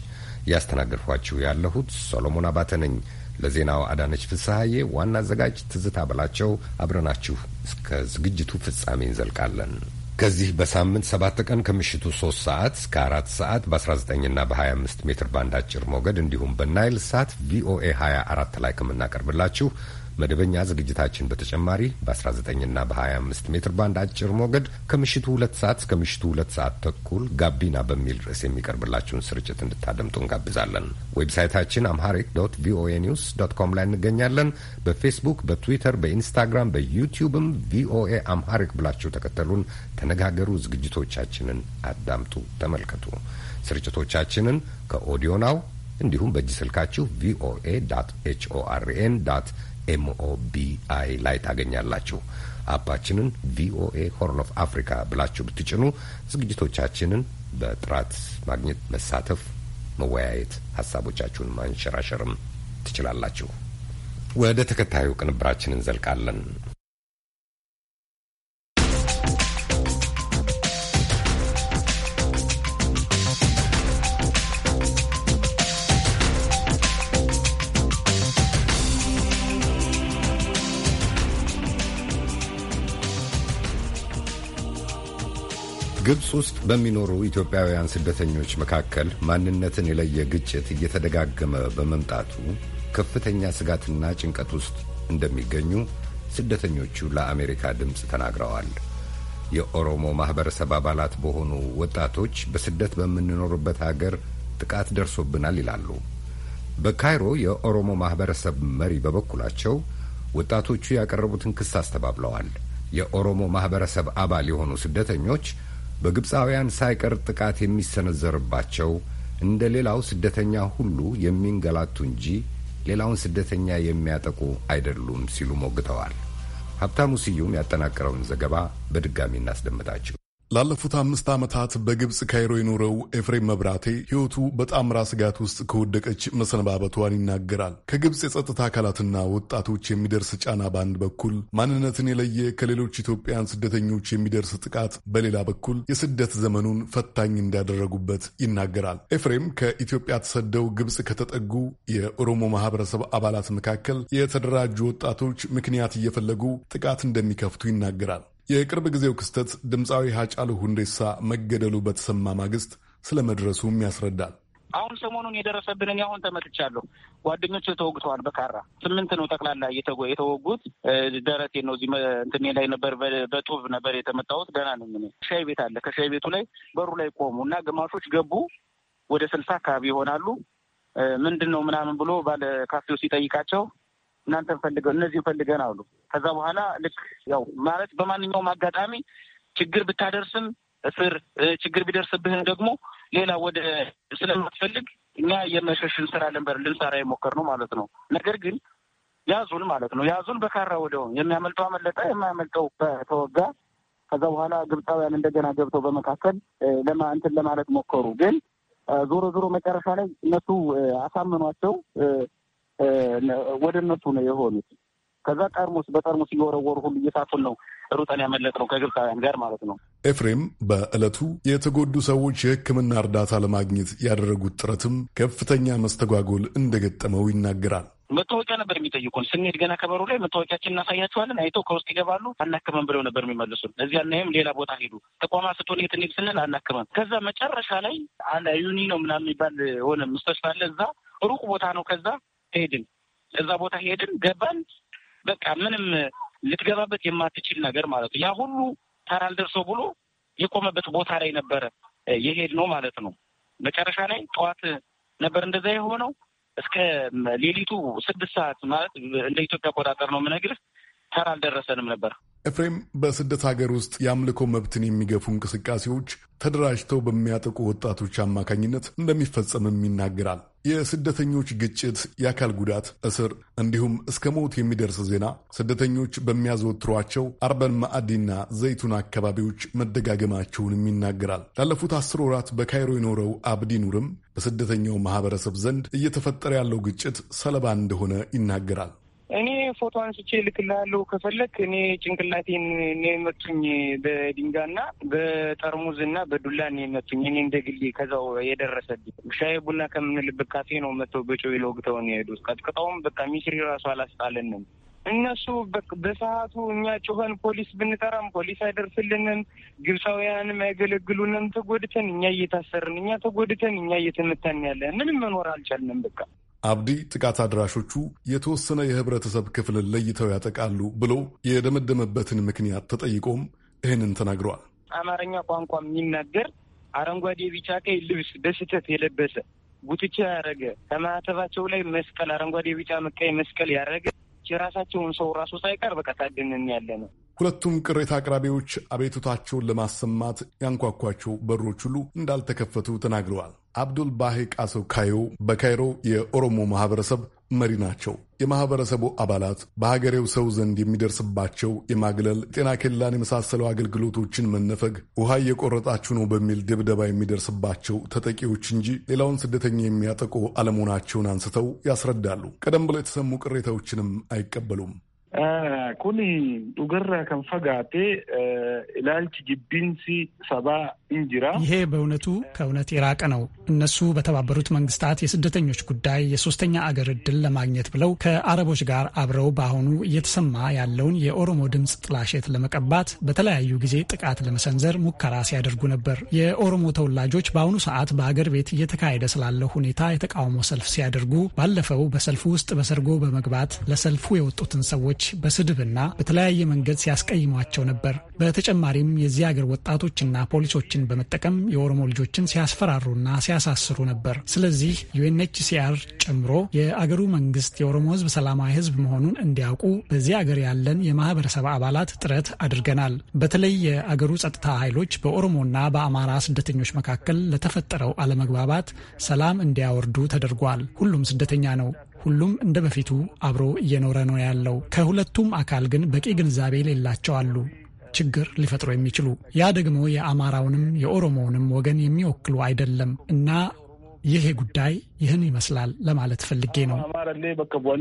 እያስተናገድኳችሁ ያለሁት ሶሎሞን አባተ ነኝ። ለዜናው አዳነች ፍስሐዬ፣ ዋና አዘጋጅ ትዝታ በላቸው። አብረናችሁ እስከ ዝግጅቱ ፍጻሜ እንዘልቃለን። ከዚህ በሳምንት ሰባት ቀን ከምሽቱ ሶስት ሰዓት እስከ አራት ሰዓት በ19ና በ25 ሜትር ባንድ አጭር ሞገድ እንዲሁም በናይል ሳት ቪኦኤ 24 ላይ ከምናቀርብላችሁ መደበኛ ዝግጅታችን በተጨማሪ በ19ና በ25 ሜትር ባንድ አጭር ሞገድ ከምሽቱ ሁለት ሰዓት እስከ ምሽቱ ሁለት ሰዓት ተኩል ጋቢና በሚል ርዕስ የሚቀርብላችሁን ስርጭት እንድታደምጡ እንጋብዛለን። ዌብሳይታችን አምሃሪክ ዶት ቪኦኤ ኒውስ ዶት ኮም ላይ እንገኛለን። በፌስቡክ፣ በትዊተር፣ በኢንስታግራም፣ በዩቲዩብም ቪኦኤ አምሃሪክ ብላችሁ ተከተሉን፣ ተነጋገሩ፣ ዝግጅቶቻችንን አዳምጡ፣ ተመልከቱ። ስርጭቶቻችንን ከኦዲዮ ናው እንዲሁም በእጅ ስልካችሁ ቪኦኤ ዶት ኤችኦአርኤን ኤምኦቢአይ ላይ ታገኛላችሁ። አፓችንን ቪኦኤ ሆርን ኦፍ አፍሪካ ብላችሁ ብትጭኑ ዝግጅቶቻችንን በጥራት ማግኘት፣ መሳተፍ፣ መወያየት፣ ሀሳቦቻችሁን ማንሸራሸርም ትችላላችሁ። ወደ ተከታዩ ቅንብራችን እንዘልቃለን። ግብፅ ውስጥ በሚኖሩ ኢትዮጵያውያን ስደተኞች መካከል ማንነትን የለየ ግጭት እየተደጋገመ በመምጣቱ ከፍተኛ ስጋትና ጭንቀት ውስጥ እንደሚገኙ ስደተኞቹ ለአሜሪካ ድምፅ ተናግረዋል። የኦሮሞ ማህበረሰብ አባላት በሆኑ ወጣቶች በስደት በምንኖርበት ሀገር ጥቃት ደርሶብናል ይላሉ። በካይሮ የኦሮሞ ማህበረሰብ መሪ በበኩላቸው ወጣቶቹ ያቀረቡትን ክስ አስተባብለዋል። የኦሮሞ ማህበረሰብ አባል የሆኑ ስደተኞች በግብፃውያን ሳይቀር ጥቃት የሚሰነዘርባቸው እንደ ሌላው ስደተኛ ሁሉ የሚንገላቱ እንጂ ሌላውን ስደተኛ የሚያጠቁ አይደሉም ሲሉ ሞግተዋል። ሀብታሙ ስዩም ያጠናቀረውን ዘገባ በድጋሚ እናስደምጣችሁ። ላለፉት አምስት ዓመታት በግብፅ ካይሮ የኖረው ኤፍሬም መብራቴ ሕይወቱ በጣምራ ስጋት ውስጥ ከወደቀች መሰነባበቷን ይናገራል። ከግብፅ የጸጥታ አካላትና ወጣቶች የሚደርስ ጫና በአንድ በኩል፣ ማንነትን የለየ ከሌሎች ኢትዮጵያን ስደተኞች የሚደርስ ጥቃት በሌላ በኩል የስደት ዘመኑን ፈታኝ እንዳደረጉበት ይናገራል። ኤፍሬም ከኢትዮጵያ ተሰደው ግብፅ ከተጠጉ የኦሮሞ ማህበረሰብ አባላት መካከል የተደራጁ ወጣቶች ምክንያት እየፈለጉ ጥቃት እንደሚከፍቱ ይናገራል። የቅርብ ጊዜው ክስተት ድምፃዊ ሀጫሉ ሁንዴሳ መገደሉ በተሰማ ማግስት ስለ መድረሱም ያስረዳል። አሁን ሰሞኑን የደረሰብን ያሁን አሁን ጓደኞች ተወግተዋል። በካራ ስምንት ነው ጠቅላላ የተወጉት። ደረቴ ነው እዚህ እንትኔ ላይ ነበር፣ በጡብ ነበር የተመታሁት። ደህና ነኝ ሻይ ቤት አለ። ከሻይ ቤቱ ላይ በሩ ላይ ቆሙ እና ግማሾች ገቡ። ወደ ስልሳ አካባቢ ይሆናሉ። ምንድን ነው ምናምን ብሎ ባለ ካፌው ሲጠይቃቸው እናንተን ፈልገው እነዚህ ፈልገን አሉ። ከዛ በኋላ ልክ ያው ማለት በማንኛውም አጋጣሚ ችግር ብታደርስም እስር ችግር ቢደርስብህም ደግሞ ሌላ ወደ ስለማትፈልግ እኛ የመሸሽን ስራ ልንበር ልንሰራ የሞከር ነው ማለት ነው። ነገር ግን ያዙን ማለት ነው። ያዙን በካራ ወደው የሚያመልጠው አመለጠ፣ የማያመልጠው ተወጋ። ከዛ በኋላ ግብፃውያን እንደገና ገብተው በመካከል ለማ እንትን ለማለት ሞከሩ። ግን ዞሮ ዞሮ መጨረሻ ላይ እነሱ አሳምኗቸው ወደ እነሱ ነው የሆኑት። ከዛ ጠርሙስ በጠርሙስ እየወረወሩ ሁሉ እየሳቱን ነው ሩጠን ያመለጥ ነው ከግብፃውያን ጋር ማለት ነው። ኤፍሬም በዕለቱ የተጎዱ ሰዎች የሕክምና እርዳታ ለማግኘት ያደረጉት ጥረትም ከፍተኛ መስተጓጎል እንደገጠመው ይናገራል። መታወቂያ ነበር የሚጠይቁን። ስንሄድ ገና ከበሩ ላይ መታወቂያችን እናሳያቸዋለን። አይተው ከውስጥ ይገባሉ። አናክመም ብለው ነበር የሚመልሱን። እዚያ እናይም ሌላ ቦታ ሄዱ። ተቋማ ስትሆን የት እንሂድ ስንል አናክመን። ከዛ መጨረሻ ላይ ዩኒ ነው ምናምን የሚባል ሆነ ምስቶች እዛ ሩቅ ቦታ ነው። ከዛ ሄድን። እዛ ቦታ ሄድን፣ ገባን። በቃ ምንም ልትገባበት የማትችል ነገር ማለት ነው። ያ ሁሉ ተራ አልደርሰው ብሎ የቆመበት ቦታ ላይ ነበረ የሄድ ነው ማለት ነው። መጨረሻ ላይ ጠዋት ነበር እንደዛ የሆነው እስከ ሌሊቱ ስድስት ሰዓት ማለት እንደ ኢትዮጵያ አቆጣጠር ነው የምነግርህ። ተራ አልደረሰንም ነበር። ኤፍሬም በስደት ሀገር ውስጥ የአምልኮ መብትን የሚገፉ እንቅስቃሴዎች ተደራጅተው በሚያጠቁ ወጣቶች አማካኝነት እንደሚፈጸምም ይናገራል። የስደተኞች ግጭት፣ የአካል ጉዳት፣ እስር እንዲሁም እስከ ሞት የሚደርስ ዜና ስደተኞች በሚያዘወትሯቸው አርበን ማዕዲና ዘይቱን አካባቢዎች መደጋገማቸውንም ይናገራል። ላለፉት አስር ወራት በካይሮ የኖረው አብዲ ኑርም በስደተኛው ማህበረሰብ ዘንድ እየተፈጠረ ያለው ግጭት ሰለባ እንደሆነ ይናገራል። እኔ ፎቶ አንስቼ ልክልሃለሁ ከፈለግ እኔ ጭንቅላቴን ነው የመቱኝ በድንጋይና በጠርሙዝ እና በዱላ ነው የመቱኝ። እኔ እንደ ግሌ ከዛው የደረሰብኝ ሻይ ቡና ከምንልበት ካፌ ነው መጥተው በጩቤ ወግተው የሄዱት። ቀጥቅጠውም በቃ ሚስሪ ራሱ አላስጣለንም። እነሱ በሰዓቱ እኛ ጩኸን ፖሊስ ብንጠራም ፖሊስ አይደርስልንም፣ ግብፃውያንም አይገለግሉንም። ተጎድተን እኛ እየታሰርን እኛ ተጎድተን እኛ እየተመታን ያለ ምንም መኖር አልቻልንም በቃ አብዲ ጥቃት አድራሾቹ የተወሰነ የህብረተሰብ ክፍልን ለይተው ያጠቃሉ ብሎ የደመደመበትን ምክንያት ተጠይቆም ይህንን ተናግረዋል። አማርኛ ቋንቋ የሚናገር አረንጓዴ፣ ቢጫ፣ ቀይ ልብስ በስህተት የለበሰ ጉትቻ ያደረገ ከማህተባቸው ላይ መስቀል አረንጓዴ፣ ቢጫ፣ ቀይ መስቀል ያደረገ የራሳቸውን ሰው ራሱ ሳይቀር በቃ ታድንን ያለ ነው ሁለቱም ቅሬታ አቅራቢዎች አቤቱታቸውን ለማሰማት ያንኳኳቸው በሮች ሁሉ እንዳልተከፈቱ ተናግረዋል። አብዱል ባሂ ቃሶ ካዮ በካይሮ የኦሮሞ ማህበረሰብ መሪ ናቸው። የማህበረሰቡ አባላት በሀገሬው ሰው ዘንድ የሚደርስባቸው የማግለል ጤና ኬላን የመሳሰሉ አገልግሎቶችን መነፈግ፣ ውሃ እየቆረጣችሁ ነው በሚል ድብደባ የሚደርስባቸው ተጠቂዎች እንጂ ሌላውን ስደተኛ የሚያጠቁ አለመሆናቸውን አንስተው ያስረዳሉ። ቀደም ብለው የተሰሙ ቅሬታዎችንም አይቀበሉም። Kun dhugarraa kan fagaatee ilaalchi jibbinsi sabaa እንጅራ ይሄ በእውነቱ ከእውነት የራቀ ነው። እነሱ በተባበሩት መንግስታት የስደተኞች ጉዳይ የሶስተኛ አገር እድል ለማግኘት ብለው ከአረቦች ጋር አብረው በአሁኑ እየተሰማ ያለውን የኦሮሞ ድምፅ ጥላሸት ለመቀባት በተለያዩ ጊዜ ጥቃት ለመሰንዘር ሙከራ ሲያደርጉ ነበር። የኦሮሞ ተወላጆች በአሁኑ ሰዓት በአገር ቤት እየተካሄደ ስላለው ሁኔታ የተቃውሞ ሰልፍ ሲያደርጉ፣ ባለፈው በሰልፉ ውስጥ በሰርጎ በመግባት ለሰልፉ የወጡትን ሰዎች በስድብና በተለያየ መንገድ ሲያስቀይሟቸው ነበር። በተጨማሪም የዚህ አገር ወጣቶችና ፖሊሶችን በመጠቀም የኦሮሞ ልጆችን ሲያስፈራሩና ሲያሳስሩ ነበር። ስለዚህ ዩኤንኤችሲአር ጨምሮ የአገሩ መንግስት የኦሮሞ ህዝብ ሰላማዊ ህዝብ መሆኑን እንዲያውቁ በዚህ አገር ያለን የማህበረሰብ አባላት ጥረት አድርገናል። በተለይ የአገሩ ጸጥታ ኃይሎች በኦሮሞና በአማራ ስደተኞች መካከል ለተፈጠረው አለመግባባት ሰላም እንዲያወርዱ ተደርጓል። ሁሉም ስደተኛ ነው። ሁሉም እንደ በፊቱ አብሮ እየኖረ ነው ያለው። ከሁለቱም አካል ግን በቂ ግንዛቤ ሌላቸው አሉ ችግር ሊፈጥሩ የሚችሉ ያ ደግሞ የአማራውንም የኦሮሞውንም ወገን የሚወክሉ አይደለም እና ይህ ጉዳይ ይህን ይመስላል ለማለት ፈልጌ ነው። አማራሌ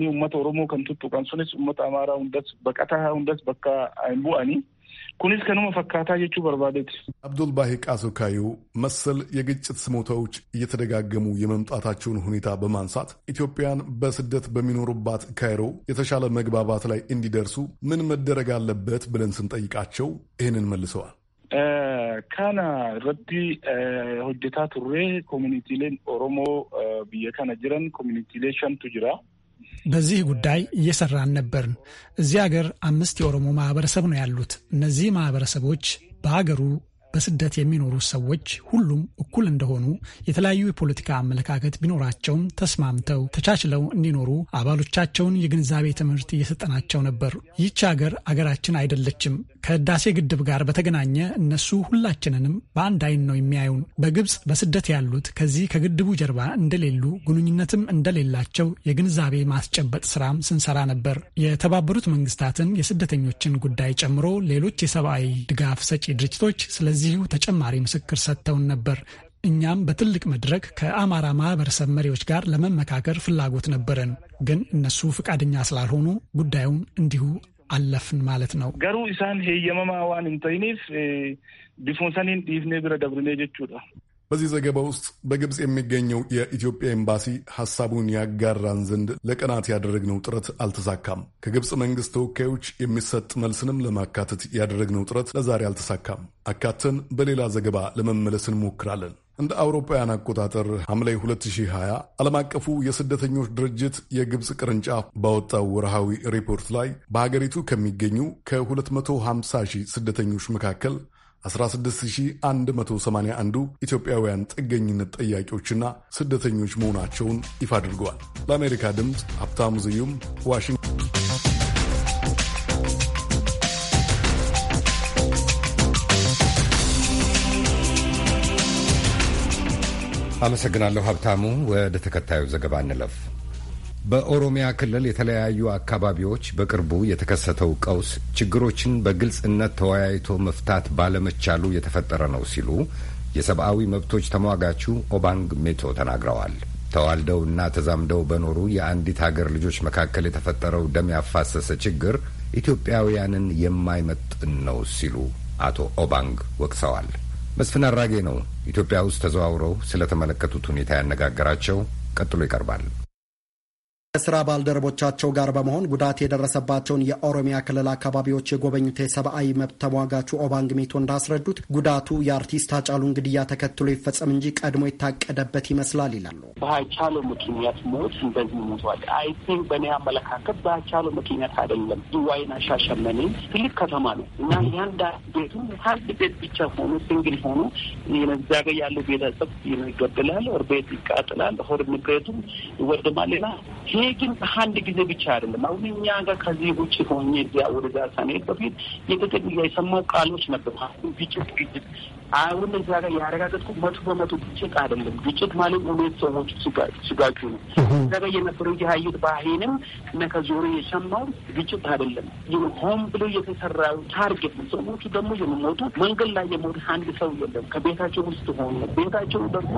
ሌ ኡመት ኦሮሞ ከምትጡ ቀምሱኔስ ኡመት አማራ ሁንደስ በቀታ ሁንደስ በካ አይንቡአኒ kunis kanuma fakkaataa jechuu barbaadeeti. አብዱልባሂ ቃሶ ካዩ መሰል የግጭት ስሞታዎች እየተደጋገሙ የመምጣታቸውን ሁኔታ በማንሳት ኢትዮጵያን በስደት በሚኖሩባት ካይሮ የተሻለ መግባባት ላይ እንዲደርሱ ምን መደረግ አለበት ብለን ስንጠይቃቸው ይህንን መልሰዋል። ካና ረቲ ሆጀታ ቱሬ ኮሚኒቲሌን ኦሮሞ ብየ ካና ጅረን ኮሚኒቲሌ ሸንቱ ጅራ በዚህ ጉዳይ እየሰራን ነበርን። እዚህ አገር አምስት የኦሮሞ ማህበረሰብ ነው ያሉት። እነዚህ ማህበረሰቦች በአገሩ በስደት የሚኖሩ ሰዎች ሁሉም እኩል እንደሆኑ የተለያዩ የፖለቲካ አመለካከት ቢኖራቸውም ተስማምተው ተቻችለው እንዲኖሩ አባሎቻቸውን የግንዛቤ ትምህርት እየሰጠናቸው ነበር። ይህች ሀገር አገራችን አይደለችም። ከህዳሴ ግድብ ጋር በተገናኘ እነሱ ሁላችንንም በአንድ አይን ነው የሚያዩን። በግብፅ በስደት ያሉት ከዚህ ከግድቡ ጀርባ እንደሌሉ ግንኙነትም እንደሌላቸው የግንዛቤ ማስጨበጥ ስራም ስንሰራ ነበር። የተባበሩት መንግስታትን የስደተኞችን ጉዳይ ጨምሮ ሌሎች የሰብአዊ ድጋፍ ሰጪ ድርጅቶች ስለዚህ ለዚሁ ተጨማሪ ምስክር ሰጥተውን ነበር። እኛም በትልቅ መድረክ ከአማራ ማህበረሰብ መሪዎች ጋር ለመመካከር ፍላጎት ነበረን፣ ግን እነሱ ፈቃደኛ ስላልሆኑ ጉዳዩን እንዲሁ አለፍን ማለት ነው። ገሩ ኢሳን ሄየመማ ዋን እንተይኒፍ ቢፎንሰኒን ዲፍኔ ብረ ደብርኔ ጀቹ በዚህ ዘገባ ውስጥ በግብፅ የሚገኘው የኢትዮጵያ ኤምባሲ ሐሳቡን ያጋራን ዘንድ ለቀናት ያደረግነው ጥረት አልተሳካም። ከግብፅ መንግሥት ተወካዮች የሚሰጥ መልስንም ለማካተት ያደረግነው ጥረት ለዛሬ አልተሳካም። አካተን በሌላ ዘገባ ለመመለስ እንሞክራለን። እንደ አውሮፓውያን አቆጣጠር ሐምሌ 2020 ዓለም አቀፉ የስደተኞች ድርጅት የግብፅ ቅርንጫፍ ባወጣው ወርሃዊ ሪፖርት ላይ በሀገሪቱ ከሚገኙ ከ250 ሺህ ስደተኞች መካከል 16181ዱ ኢትዮጵያውያን ጥገኝነት ጠያቂዎችና ስደተኞች መሆናቸውን ይፋ አድርገዋል። ለአሜሪካ ድምፅ ሀብታሙ ዝዩም ዋሽንግተን አመሰግናለሁ ሀብታሙ። ወደ ተከታዩ ዘገባ እንለፍ። በኦሮሚያ ክልል የተለያዩ አካባቢዎች በቅርቡ የተከሰተው ቀውስ ችግሮችን በግልጽነት ተወያይቶ መፍታት ባለመቻሉ የተፈጠረ ነው ሲሉ የሰብአዊ መብቶች ተሟጋቹ ኦባንግ ሜቶ ተናግረዋል። ተዋልደው እና ተዛምደው በኖሩ የአንዲት ሀገር ልጆች መካከል የተፈጠረው ደም ያፋሰሰ ችግር ኢትዮጵያውያንን የማይመጥን ነው ሲሉ አቶ ኦባንግ ወቅሰዋል። መስፍን አራጌ ነው ኢትዮጵያ ውስጥ ተዘዋውረው ስለተመለከቱት ሁኔታ ያነጋገራቸው። ቀጥሎ ይቀርባል። ከስራ ባልደረቦቻቸው ጋር በመሆን ጉዳት የደረሰባቸውን የኦሮሚያ ክልል አካባቢዎች የጎበኙት የሰብአዊ መብት ተሟጋቹ ኦባንግ ሜቶ እንዳስረዱት ጉዳቱ የአርቲስት ሃጫሉን ግድያ ተከትሎ ይፈጸም እንጂ ቀድሞ የታቀደበት ይመስላል ይላሉ። በሃጫሉ ምክንያት ሞት እንደዚህ ሞቷል። አይ ቲንክ በእኔ አመለካከት በሃጫሉ ምክንያት አይደለም። ዝዋይና ሻሸመኔ ትልቅ ከተማ ነው እና ያንዳ ቤቱ አንድ ቤት ብቻ ሆኖ ሲንግል ሆኖ እዚያ ጋ ያለው ቤተሰብ ይገደላል፣ ቤት ይቃጥላል፣ ሆድ ምግቤቱም ይወድማል ና እኔ ግን አንድ ጊዜ ብቻ አይደለም። አሁን እኛ ጋር ከዚህ ውጭ ሆኜ እዚያ ወደዛ ሳንሄድ በፊት የተገ የሰማው ቃሎች ነበር። ግጭት ግጭት አሁን እዚያ ጋር ያረጋገጥኩ መቶ በመቶ ግጭት አይደለም። ግጭት ማለት ሁለት ሰዎች ሲጋጩ ነው። እዛ ጋር የነበረው የሀይት ባህይንም እና ከዞሮ የሰማው ግጭት አይደለም። ሆም ብሎ የተሰራው ታርጌት ነው። ሰዎቹ ደግሞ የሚሞቱ መንገድ ላይ የሞቱ አንድ ሰው የለም። ከቤታቸው ውስጥ ሆነ ቤታቸው ደግሞ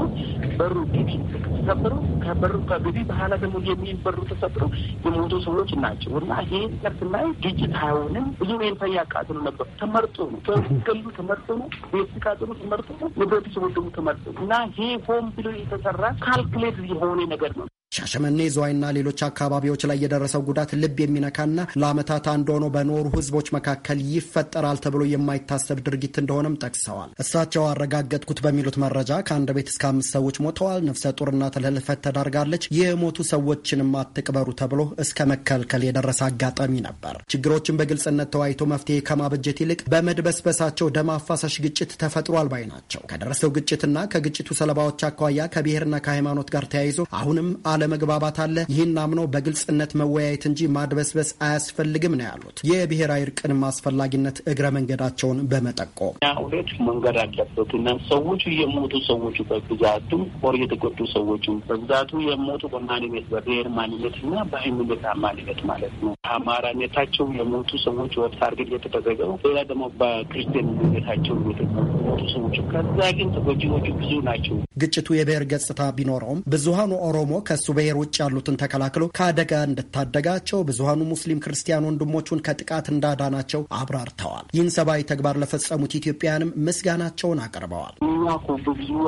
በሩ ፊት ተሰብሮ ከበሩ ከግቢ በኋላ ደግሞ የሚበር የተሰሩ ተሰጥረው የሞቱ ሰዎች ናቸው እና ይህ ስናይ ድርጅት ሀያውንም ብዙ ቤንታ እያቃጥሉ ነበር። ተመርጦ ነው ገሉ ተመርጦ ነው ቤት ሲቃጥሉ ተመርጦ ነው ንብረቱ ሲወደሙ ተመርጦ ነው እና ይሄ ሆም ብሎ የተሰራ ካልኩሌት የሆነ ነገር ነው። ሻሸመኔ፣ ዝዋይና ሌሎች አካባቢዎች ላይ የደረሰው ጉዳት ልብ የሚነካና ለዓመታት አንድ ሆኖ በኖሩ ህዝቦች መካከል ይፈጠራል ተብሎ የማይታሰብ ድርጊት እንደሆነም ጠቅሰዋል። እሳቸው አረጋገጥኩት በሚሉት መረጃ ከአንድ ቤት እስከ አምስት ሰዎች ሞተዋል፣ ነፍሰ ጡርና ተለልፈት ተዳርጋለች፣ የሞቱ ሰዎችንም አትቅበሩ ተብሎ እስከ መከልከል የደረሰ አጋጣሚ ነበር። ችግሮችን በግልጽነት ተወያይቶ መፍትሄ ከማበጀት ይልቅ በመድበስበሳቸው ደም አፋሳሽ ግጭት ተፈጥሯል ባይ ናቸው። ከደረሰው ግጭትና ከግጭቱ ሰለባዎች አኳያ ከብሔርና ከሃይማኖት ጋር ተያይዞ አሁንም አለመግባባት አለ። ይህን አምኖ በግልጽነት መወያየት እንጂ ማድበስበስ አያስፈልግም ነው ያሉት። የብሔራዊ እርቅን አስፈላጊነት እግረ መንገዳቸውን በመጠቆም ሁለቱ መንገድ አለበት እና ሰዎቹ የሞቱ ሰዎቹ በብዛቱ ወር የተጎዱ ሰዎቹ በብዛቱ የሞቱ በማንነት በብሔር ማንነት እና በሃይማኖት ማንነት ማለት ነው። አማራነታቸው የሞቱ ሰዎች ታርጌት የተደረገው ሌላ ደግሞ በክርስቲያንነታቸው የሞቱ ሰዎቹ ከዛ ግን ተጎጂዎቹ ብዙ ናቸው። ግጭቱ የብሔር ገጽታ ቢኖረውም ብዙሀኑ ኦሮሞ ከሱ ከእሱ ውጭ ያሉትን ተከላክሎ ከአደጋ እንደታደጋቸው ብዙሀኑ ሙስሊም ክርስቲያን ወንድሞቹን ከጥቃት እንዳዳናቸው አብራርተዋል። ይህን ሰብአዊ ተግባር ለፈጸሙት ኢትዮጵያውያንም ምስጋናቸውን አቅርበዋል። እኛ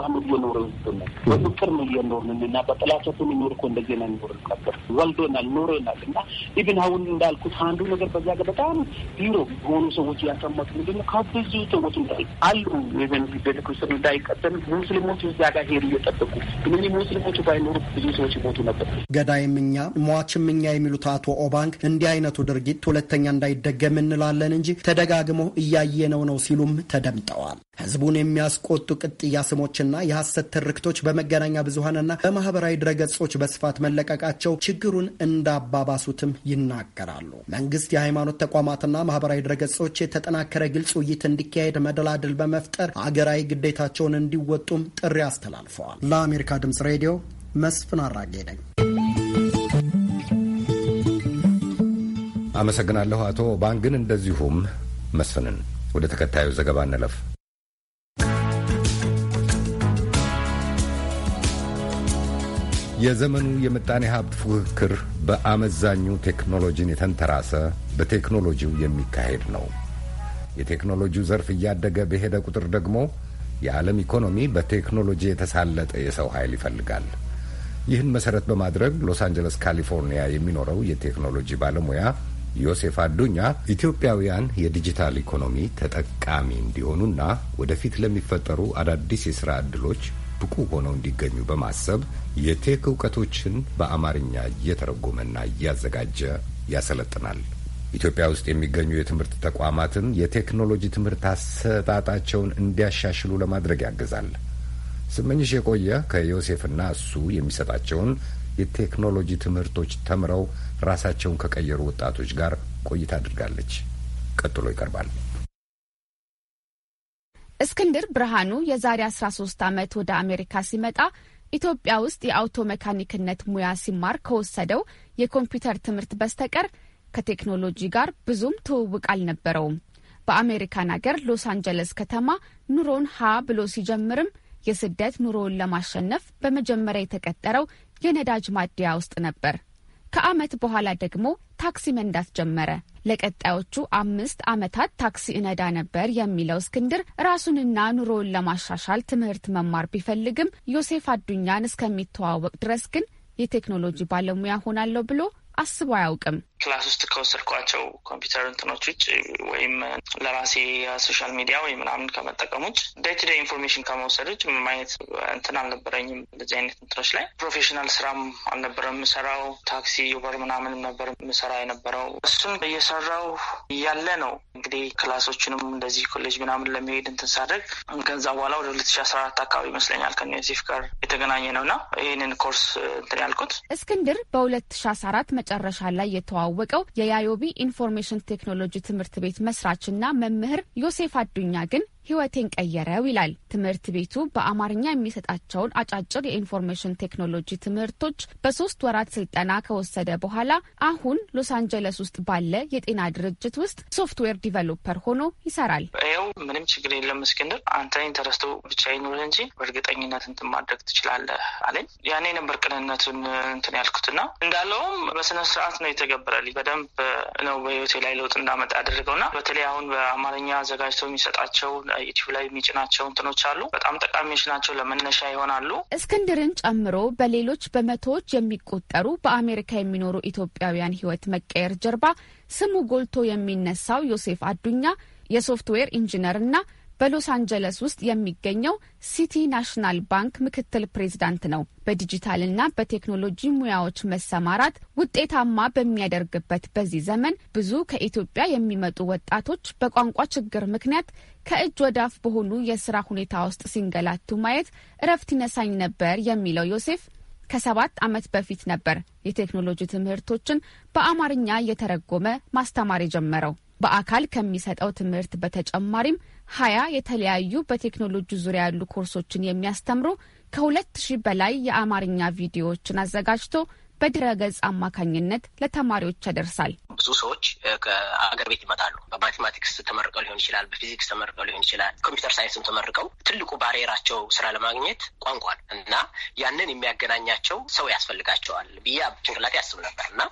አመት የኖረ ህዝብ ነው። በፍቅር ነው እየኖርን እና ኖር እኮ ኖር ነበር። ወልዶናል፣ ኖረናል እና ኢብን አሁን እንዳልኩት አንዱ ነገር በጣም ቢሮ የሆኑ ሰዎች ያሰማት ምንድነው ከብዙ ሰዎች እንዳል አሉ እንዳይቀጠል ሙስሊሞች እዚያ ጋር ሄዱ እየጠበቁ ግን ሙስሊሞቹ ባይኖሩ ብዙ ሰዎች ይሞቱ ነበር። ገዳይም እኛ ሟችም እኛ የሚሉት አቶ ኦባንግ እንዲህ አይነቱ ድርጊት ሁለተኛ እንዳይደገም እንላለን እንጂ ተደጋግሞ እያየነው ነው ሲሉም ተደምጠዋል። ህዝቡን የሚያስቆጡ ቅጥያ ስሞችና የሐሰት ትርክቶች በመገናኛ ብዙሀንና በማህበራዊ ድረገጾች በስፋት መለቀቃቸው ችግሩን እንዳባባሱትም ይናገራሉ። መንግስት የሃይማኖት ተቋማትና ማህበራዊ ድረገጾች የተጠናከረ ግልጽ ውይይት እንዲካሄድ መደላድል በመፍጠር አገራዊ ግዴታቸውን እንዲወጡም ጥሪ አስተላልፈዋል። ለአሜሪካ ድምጽ ሬዲዮ መስፍን አራጌ ነኝ። አመሰግናለሁ አቶ ባንግን እንደዚሁም መስፍንን። ወደ ተከታዩ ዘገባ እንለፍ። የዘመኑ የምጣኔ ሀብት ፉክክር በአመዛኙ ቴክኖሎጂን የተንተራሰ በቴክኖሎጂው የሚካሄድ ነው። የቴክኖሎጂው ዘርፍ እያደገ በሄደ ቁጥር ደግሞ የዓለም ኢኮኖሚ በቴክኖሎጂ የተሳለጠ የሰው ኃይል ይፈልጋል። ይህን መሰረት በማድረግ ሎስ አንጀለስ ካሊፎርኒያ የሚኖረው የቴክኖሎጂ ባለሙያ ዮሴፍ አዱኛ ኢትዮጵያውያን የዲጂታል ኢኮኖሚ ተጠቃሚ እንዲሆኑና ወደፊት ለሚፈጠሩ አዳዲስ የስራ ዕድሎች ብቁ ሆነው እንዲገኙ በማሰብ የቴክ እውቀቶችን በአማርኛ እየተረጎመና እያዘጋጀ ያሰለጥናል። ኢትዮጵያ ውስጥ የሚገኙ የትምህርት ተቋማትን የቴክኖሎጂ ትምህርት አሰጣጣቸውን እንዲያሻሽሉ ለማድረግ ያግዛል። ስመኝሽ የቆየ ከዮሴፍና እሱ የሚሰጣቸውን የቴክኖሎጂ ትምህርቶች ተምረው ራሳቸውን ከቀየሩ ወጣቶች ጋር ቆይታ አድርጋለች። ቀጥሎ ይቀርባል። እስክንድር ብርሃኑ የዛሬ 13 ዓመት ወደ አሜሪካ ሲመጣ ኢትዮጵያ ውስጥ የአውቶ መካኒክነት ሙያ ሲማር ከወሰደው የኮምፒውተር ትምህርት በስተቀር ከቴክኖሎጂ ጋር ብዙም ትውውቅ አልነበረውም። በአሜሪካን አገር ሎስ አንጀለስ ከተማ ኑሮን ሀ ብሎ ሲጀምርም የስደት ኑሮውን ለማሸነፍ በመጀመሪያ የተቀጠረው የነዳጅ ማደያ ውስጥ ነበር። ከዓመት በኋላ ደግሞ ታክሲ መንዳት ጀመረ። ለቀጣዮቹ አምስት ዓመታት ታክሲ እነዳ ነበር የሚለው እስክንድር ራሱንና ኑሮውን ለማሻሻል ትምህርት መማር ቢፈልግም ዮሴፍ አዱኛን እስከሚተዋወቅ ድረስ ግን የቴክኖሎጂ ባለሙያ ሆናለሁ ብሎ አስቦ አያውቅም። ክላስ ውስጥ ከወሰድኳቸው ኮምፒውተር እንትኖች ውጭ ወይም ለራሴ ሶሻል ሚዲያ ወይ ምናምን ከመጠቀም ውጭ ዴይ ቱ ዴይ ኢንፎርሜሽን ከመውሰድ ውጭ ማየት እንትን አልነበረኝም። እንደዚህ አይነት እንትኖች ላይ ፕሮፌሽናል ስራም አልነበረ የምሰራው። ታክሲ ዩበር ምናምን ነበር የምሰራ የነበረው። እሱን እየሰራው እያለ ነው እንግዲህ ክላሶችንም እንደዚህ ኮሌጅ ምናምን ለመሄድ እንትን ሳደርግ ከዛ በኋላ ወደ ሁለት ሺ አስራ አራት አካባቢ ይመስለኛል ከኔዚፍ ጋር የተገናኘ ነውና ይህንን ኮርስ እንትን ያልኩት። እስክንድር በሁለት ሺ አስራ አራት መጨረሻ ላይ የተዋወ የሚታወቀው የያዮቢ ኢንፎርሜሽን ቴክኖሎጂ ትምህርት ቤት መስራችና መምህር ዮሴፍ አዱኛ ግን ህይወቴን ቀየረው ይላል። ትምህርት ቤቱ በአማርኛ የሚሰጣቸውን አጫጭር የኢንፎርሜሽን ቴክኖሎጂ ትምህርቶች በሶስት ወራት ስልጠና ከወሰደ በኋላ አሁን ሎስ አንጀለስ ውስጥ ባለ የጤና ድርጅት ውስጥ ሶፍትዌር ዲቨሎፐር ሆኖ ይሰራል። ይኸው ምንም ችግር የለም እስክንድር፣ አንተ ኢንተረስቶ ብቻ ይኑርህ እንጂ በእርግጠኝነት እንትን ማድረግ ትችላለህ አለኝ። ያኔ ነበር ቅንነቱን እንትን ያልኩትና እንዳለውም በስነ ስርዓት ነው የተገበረልኝ። በደንብ ነው በህይወቴ ላይ ለውጥ እንዳመጣ ያደረገውና በተለይ አሁን በአማርኛ አዘጋጅተው የሚሰጣቸው ዩቲዩብ ላይ የሚጭናቸው እንትኖች አሉ። በጣም ጠቃሚዎች ናቸው፣ ለመነሻ ይሆናሉ። እስክንድርን ጨምሮ በሌሎች በመቶዎች የሚቆጠሩ በአሜሪካ የሚኖሩ ኢትዮጵያውያን ህይወት መቀየር ጀርባ ስሙ ጎልቶ የሚነሳው ዮሴፍ አዱኛ የሶፍትዌር ኢንጂነርና በሎስ አንጀለስ ውስጥ የሚገኘው ሲቲ ናሽናል ባንክ ምክትል ፕሬዚዳንት ነው። በዲጂታልና በቴክኖሎጂ ሙያዎች መሰማራት ውጤታማ በሚያደርግበት በዚህ ዘመን ብዙ ከኢትዮጵያ የሚመጡ ወጣቶች በቋንቋ ችግር ምክንያት ከእጅ ወዳፍ በሆኑ የስራ ሁኔታ ውስጥ ሲንገላቱ ማየት እረፍት ይነሳኝ ነበር የሚለው ዮሴፍ ከሰባት ዓመት በፊት ነበር የቴክኖሎጂ ትምህርቶችን በአማርኛ እየተረጎመ ማስተማር የጀመረው። በአካል ከሚሰጠው ትምህርት በተጨማሪም ሀያ የተለያዩ በቴክኖሎጂ ዙሪያ ያሉ ኮርሶችን የሚያስተምሩ ከሁለት ሺህ በላይ የአማርኛ ቪዲዮዎችን አዘጋጅቶ በድረገጽ አማካኝነት ለተማሪዎች ያደርሳል። ብዙ ሰዎች ከአገር ቤት ይመጣሉ። በማቴማቲክስ ተመርቀው ሊሆን ይችላል፣ በፊዚክስ ተመርቀው ሊሆን ይችላል፣ ኮምፒውተር ሳይንስም ተመርቀው ትልቁ ባሬራቸው ስራ ለማግኘት ቋንቋል እና ያንን የሚያገናኛቸው ሰው ያስፈልጋቸዋል ብዬ ጭንቅላቴ ያስብ ነበር እና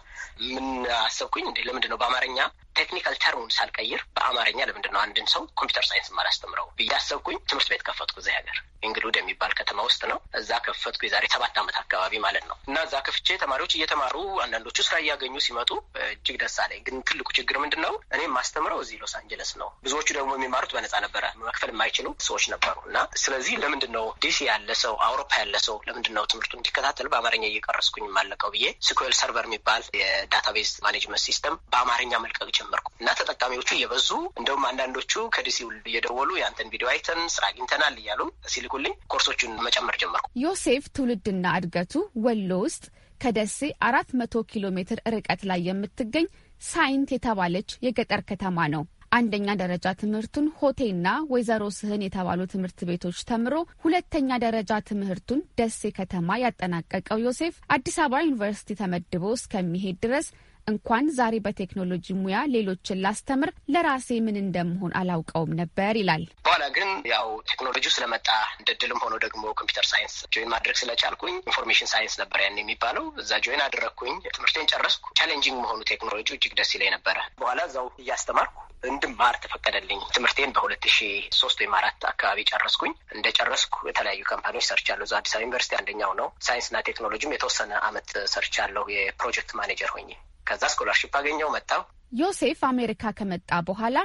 ምን አሰብኩኝ ለምንድን ነው በአማርኛ ቴክኒካል ተርሙን ሳልቀይር በአማርኛ ለምንድን ነው አንድን ሰው ኮምፒውተር ሳይንስ ማላስተምረው ብዬ አሰብኩኝ። ትምህርት ቤት ከፈትኩ እዚህ ሀገር እንግሉድ የሚባል ከተማ ውስጥ ነው። እዛ ከፈትኩ የዛሬ ሰባት ዓመት አካባቢ ማለት ነው እና እዛ ከፍቼ ተማሪዎች እየተማሩ አንዳንዶቹ ስራ እያገኙ ሲመጡ እጅግ ደስ አለኝ። ግን ትልቁ ችግር ምንድን ነው? እኔ የማስተምረው እዚህ ሎስ አንጀለስ ነው። ብዙዎቹ ደግሞ የሚማሩት በነፃ ነበረ። መክፈል የማይችሉ ሰዎች ነበሩ እና ስለዚህ ለምንድን ነው ዲሲ ያለ ሰው አውሮፓ ያለ ሰው ለምንድን ነው ትምህርቱ እንዲከታተል በአማርኛ እየቀረስኩኝ የማለቀው ብዬ ስኩዌል ሰርቨር የሚባል የዳታቤዝ ማኔጅመንት ሲስተም በአማርኛ መልቀቅ ጀመርኩ እና ተጠቃሚዎቹ እየበዙ እንደውም አንዳንዶቹ ከዲሲ እየደወሉ ያንተን ቪዲዮ አይተን ስራ አግኝተናል እያሉ ሲልኩልኝ ኮርሶቹን መጨመር ጀመርኩ። ዮሴፍ ትውልድና እድገቱ ወሎ ውስጥ ከደሴ አራት መቶ ኪሎ ሜትር ርቀት ላይ የምትገኝ ሳይንት የተባለች የገጠር ከተማ ነው። አንደኛ ደረጃ ትምህርቱን ሆቴና ወይዘሮ ስህን የተባሉ ትምህርት ቤቶች ተምሮ ሁለተኛ ደረጃ ትምህርቱን ደሴ ከተማ ያጠናቀቀው ዮሴፍ አዲስ አበባ ዩኒቨርሲቲ ተመድቦ እስከሚሄድ ድረስ እንኳን ዛሬ በቴክኖሎጂ ሙያ ሌሎችን ላስተምር ለራሴ ምን እንደምሆን አላውቀውም ነበር ይላል። በኋላ ግን ያው ቴክኖሎጂ ስለመጣ እንደ ድልም ሆኖ ደግሞ ኮምፒውተር ሳይንስ ጆይን ማድረግ ስለቻልኩኝ ኢንፎርሜሽን ሳይንስ ነበር ያን የሚባለው እዛ ጆይን አደረግኩኝ። ትምህርቴን ጨረስኩ። ቻሌንጂንግ መሆኑ ቴክኖሎጂ እጅግ ደስ ይለኝ ነበረ። በኋላ እዛው እያስተማርኩ እንድማር ተፈቀደልኝ። ትምህርቴን በሁለት ሺ ሶስት ወይም አራት አካባቢ ጨረስኩኝ። እንደ ጨረስኩ የተለያዩ ካምፓኒዎች ሰርቻለሁ። እዛ አዲስ አበባ ዩኒቨርሲቲ አንደኛው ነው። ሳይንስና ቴክኖሎጂም የተወሰነ አመት ሰርቻለሁ የፕሮጀክት ማኔጀር ሆኜ ከዛ ስኮላርሽፕ አገኘው መጣው። ዮሴፍ አሜሪካ ከመጣ በኋላ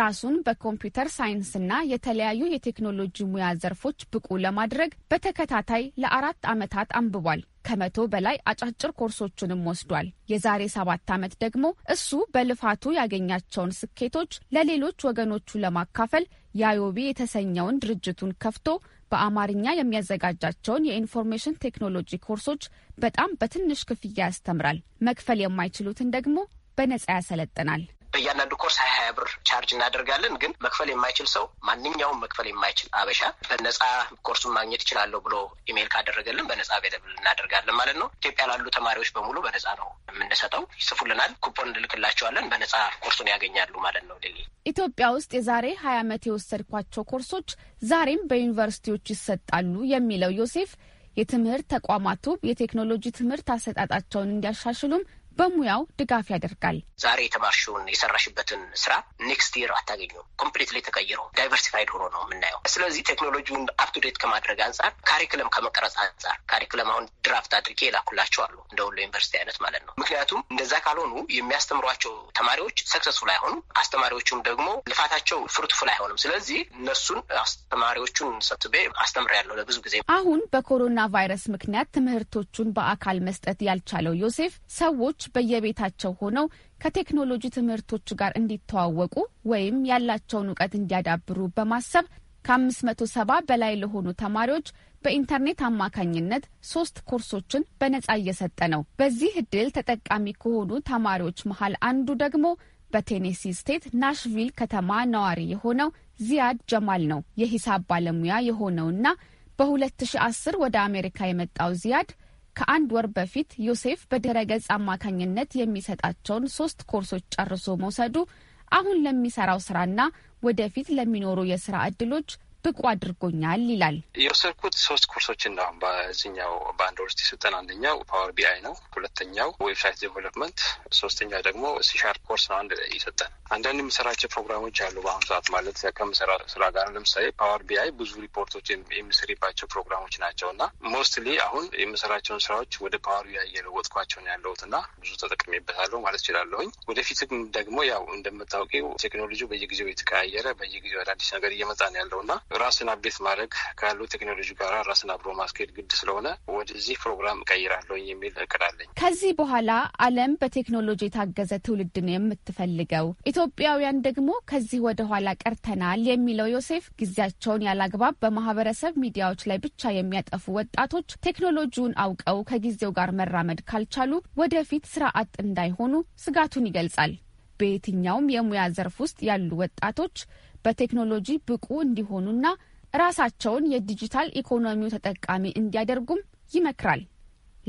ራሱን በኮምፒውተር ሳይንስና የተለያዩ የቴክኖሎጂ ሙያ ዘርፎች ብቁ ለማድረግ በተከታታይ ለአራት ዓመታት አንብቧል። ከመቶ በላይ አጫጭር ኮርሶቹንም ወስዷል። የዛሬ ሰባት ዓመት ደግሞ እሱ በልፋቱ ያገኛቸውን ስኬቶች ለሌሎች ወገኖቹ ለማካፈል ያዮቢ የተሰኘውን ድርጅቱን ከፍቶ በአማርኛ የሚያዘጋጃቸውን የኢንፎርሜሽን ቴክኖሎጂ ኮርሶች በጣም በትንሽ ክፍያ ያስተምራል። መክፈል የማይችሉትን ደግሞ በነጻ ያሰለጥናል። በእያንዳንዱ ኮርስ ሀያ ሀያ ብር ቻርጅ እናደርጋለን። ግን መክፈል የማይችል ሰው ማንኛውም መክፈል የማይችል አበሻ በነፃ ኮርሱን ማግኘት ይችላለሁ ብሎ ኢሜይል ካደረገልን በነፃ አቬለብል እናደርጋለን ማለት ነው። ኢትዮጵያ ላሉ ተማሪዎች በሙሉ በነፃ ነው የምንሰጠው። ይጽፉልናል፣ ኩፖን እንልክላቸዋለን። በነፃ ኮርሱን ያገኛሉ ማለት ነው። ድል ኢትዮጵያ ውስጥ የዛሬ ሀያ ዓመት የወሰድኳቸው ኮርሶች ዛሬም በዩኒቨርሲቲዎች ይሰጣሉ የሚለው ዮሴፍ የትምህርት ተቋማቱ የቴክኖሎጂ ትምህርት አሰጣጣቸውን እንዲያሻሽሉም በሙያው ድጋፍ ያደርጋል። ዛሬ የተማርሽውን የሰራሽበትን ስራ ኔክስት ይር ኮምፕሊት ላይ ተቀይሮ ዳይቨርሲፋይድ ሆኖ ነው የምናየው። ስለዚህ ቴክኖሎጂውን አፕቱዴት ከማድረግ አንጻር፣ ካሪክለም ከመቀረጽ አንጻር ካሪክለም አሁን ድራፍት አድርጌ የላኩላቸዋሉ እንደ ወሎ ዩኒቨርሲቲ አይነት ማለት ነው። ምክንያቱም እንደዛ ካልሆኑ የሚያስተምሯቸው ተማሪዎች ሰክሰስፉል አይሆኑም። አስተማሪዎቹም ደግሞ ልፋታቸው ፍሩትፉል አይሆንም። ስለዚህ እነሱን አስተማሪዎቹን ሰብስቤ አስተምሬያለሁ ለብዙ ጊዜ። አሁን በኮሮና ቫይረስ ምክንያት ትምህርቶቹን በአካል መስጠት ያልቻለው ዮሴፍ ሰዎች ተማሪዎች በየቤታቸው ሆነው ከቴክኖሎጂ ትምህርቶች ጋር እንዲተዋወቁ ወይም ያላቸውን እውቀት እንዲያዳብሩ በማሰብ ከ ሰባ በላይ ለሆኑ ተማሪዎች በኢንተርኔት አማካኝነት ሶስት ኮርሶችን በነጻ እየሰጠ ነው። በዚህ እድል ተጠቃሚ ከሆኑ ተማሪዎች መሀል አንዱ ደግሞ በቴኔሲ ስቴት ናሽቪል ከተማ ነዋሪ የሆነው ዚያድ ጀማል ነው። የሂሳብ ባለሙያ የሆነውና በ2010 ወደ አሜሪካ የመጣው ዚያድ ከአንድ ወር በፊት ዮሴፍ በድረገጽ አማካኝነት የሚሰጣቸውን ሶስት ኮርሶች ጨርሶ መውሰዱ አሁን ለሚሰራው ስራና ወደፊት ለሚኖሩ የስራ ዕድሎች ብቁ አድርጎኛል ይላል። የወሰድኩት ሶስት ኮርሶችን ነው። በዚኛው በአንድ ወርስቲ ስልጠን አንደኛው ፓወር ቢአይ ነው። ሁለተኛው ዌብሳይት ዴቨሎፕመንት፣ ሶስተኛ ደግሞ ሲሻርፕ ኮርስ ነው። አንድ ይሰጠን አንዳንድ የምሰራቸው ፕሮግራሞች አሉ። በአሁኑ ሰዓት ማለት ከምሰራ ስራ ጋር ለምሳሌ ፓወር ቢአይ ብዙ ሪፖርቶች የምስሪባቸው ፕሮግራሞች ናቸው እና ሞስትሊ አሁን የምሰራቸውን ስራዎች ወደ ፓወር ቢአይ እየለወጥኳቸው ነው ያለሁት እና ብዙ ተጠቅሜበታለሁ ማለት እችላለሁኝ። ወደፊትም ደግሞ ያው እንደምታውቂው ቴክኖሎጂ በየጊዜው የተቀያየረ በየጊዜው አዳዲስ ነገር እየመጣ ነው ያለው እና ራስን አቤት ማድረግ ካሉ ቴክኖሎጂ ጋር ራስን አብሮ ማስኬድ ግድ ስለሆነ ወደዚህ ፕሮግራም እቀይራለሁ የሚል እቅዳለኝ። ከዚህ በኋላ ዓለም በቴክኖሎጂ የታገዘ ትውልድ ነው የምትፈልገው፣ ኢትዮጵያውያን ደግሞ ከዚህ ወደ ኋላ ቀርተናል የሚለው ዮሴፍ ጊዜያቸውን ያላግባብ በማህበረሰብ ሚዲያዎች ላይ ብቻ የሚያጠፉ ወጣቶች ቴክኖሎጂውን አውቀው ከጊዜው ጋር መራመድ ካልቻሉ ወደፊት ስራ አጥ እንዳይሆኑ ስጋቱን ይገልጻል። በየትኛውም የሙያ ዘርፍ ውስጥ ያሉ ወጣቶች በቴክኖሎጂ ብቁ እንዲሆኑና ራሳቸውን የዲጂታል ኢኮኖሚው ተጠቃሚ እንዲያደርጉም ይመክራል።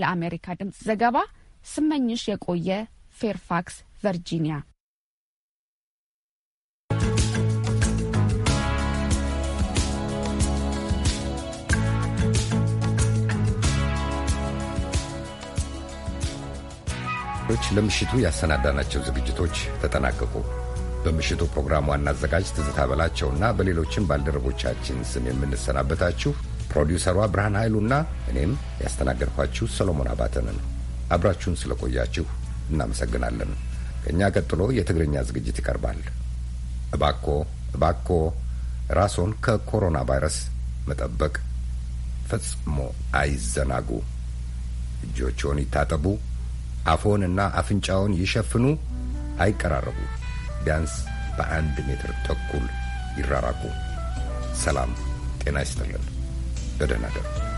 ለአሜሪካ ድምፅ ዘገባ ስመኝሽ የቆየ ፌርፋክስ ቨርጂኒያ። ለምሽቱ ያሰናዳናቸው ዝግጅቶች ተጠናቀቁ። በምሽቱ ፕሮግራም ዋና አዘጋጅ ትዝታ በላቸውና በሌሎችም ባልደረቦቻችን ስም የምንሰናበታችሁ ፕሮዲውሰሯ ብርሃን ኃይሉና እኔም ያስተናገድኳችሁ ሰሎሞን አባተንን አብራችሁን ስለቆያችሁ እናመሰግናለን። ከእኛ ቀጥሎ የትግርኛ ዝግጅት ይቀርባል። እባኮ እባኮ ራስዎን ከኮሮና ቫይረስ መጠበቅ ፈጽሞ አይዘናጉ። እጆችዎን ይታጠቡ። አፎን እና አፍንጫውን ይሸፍኑ። አይቀራረቡ። ቢያንስ በአንድ ሜትር ተኩል ይራራቁ። ሰላም ጤና ይስጥልን። በደህና ደሩ።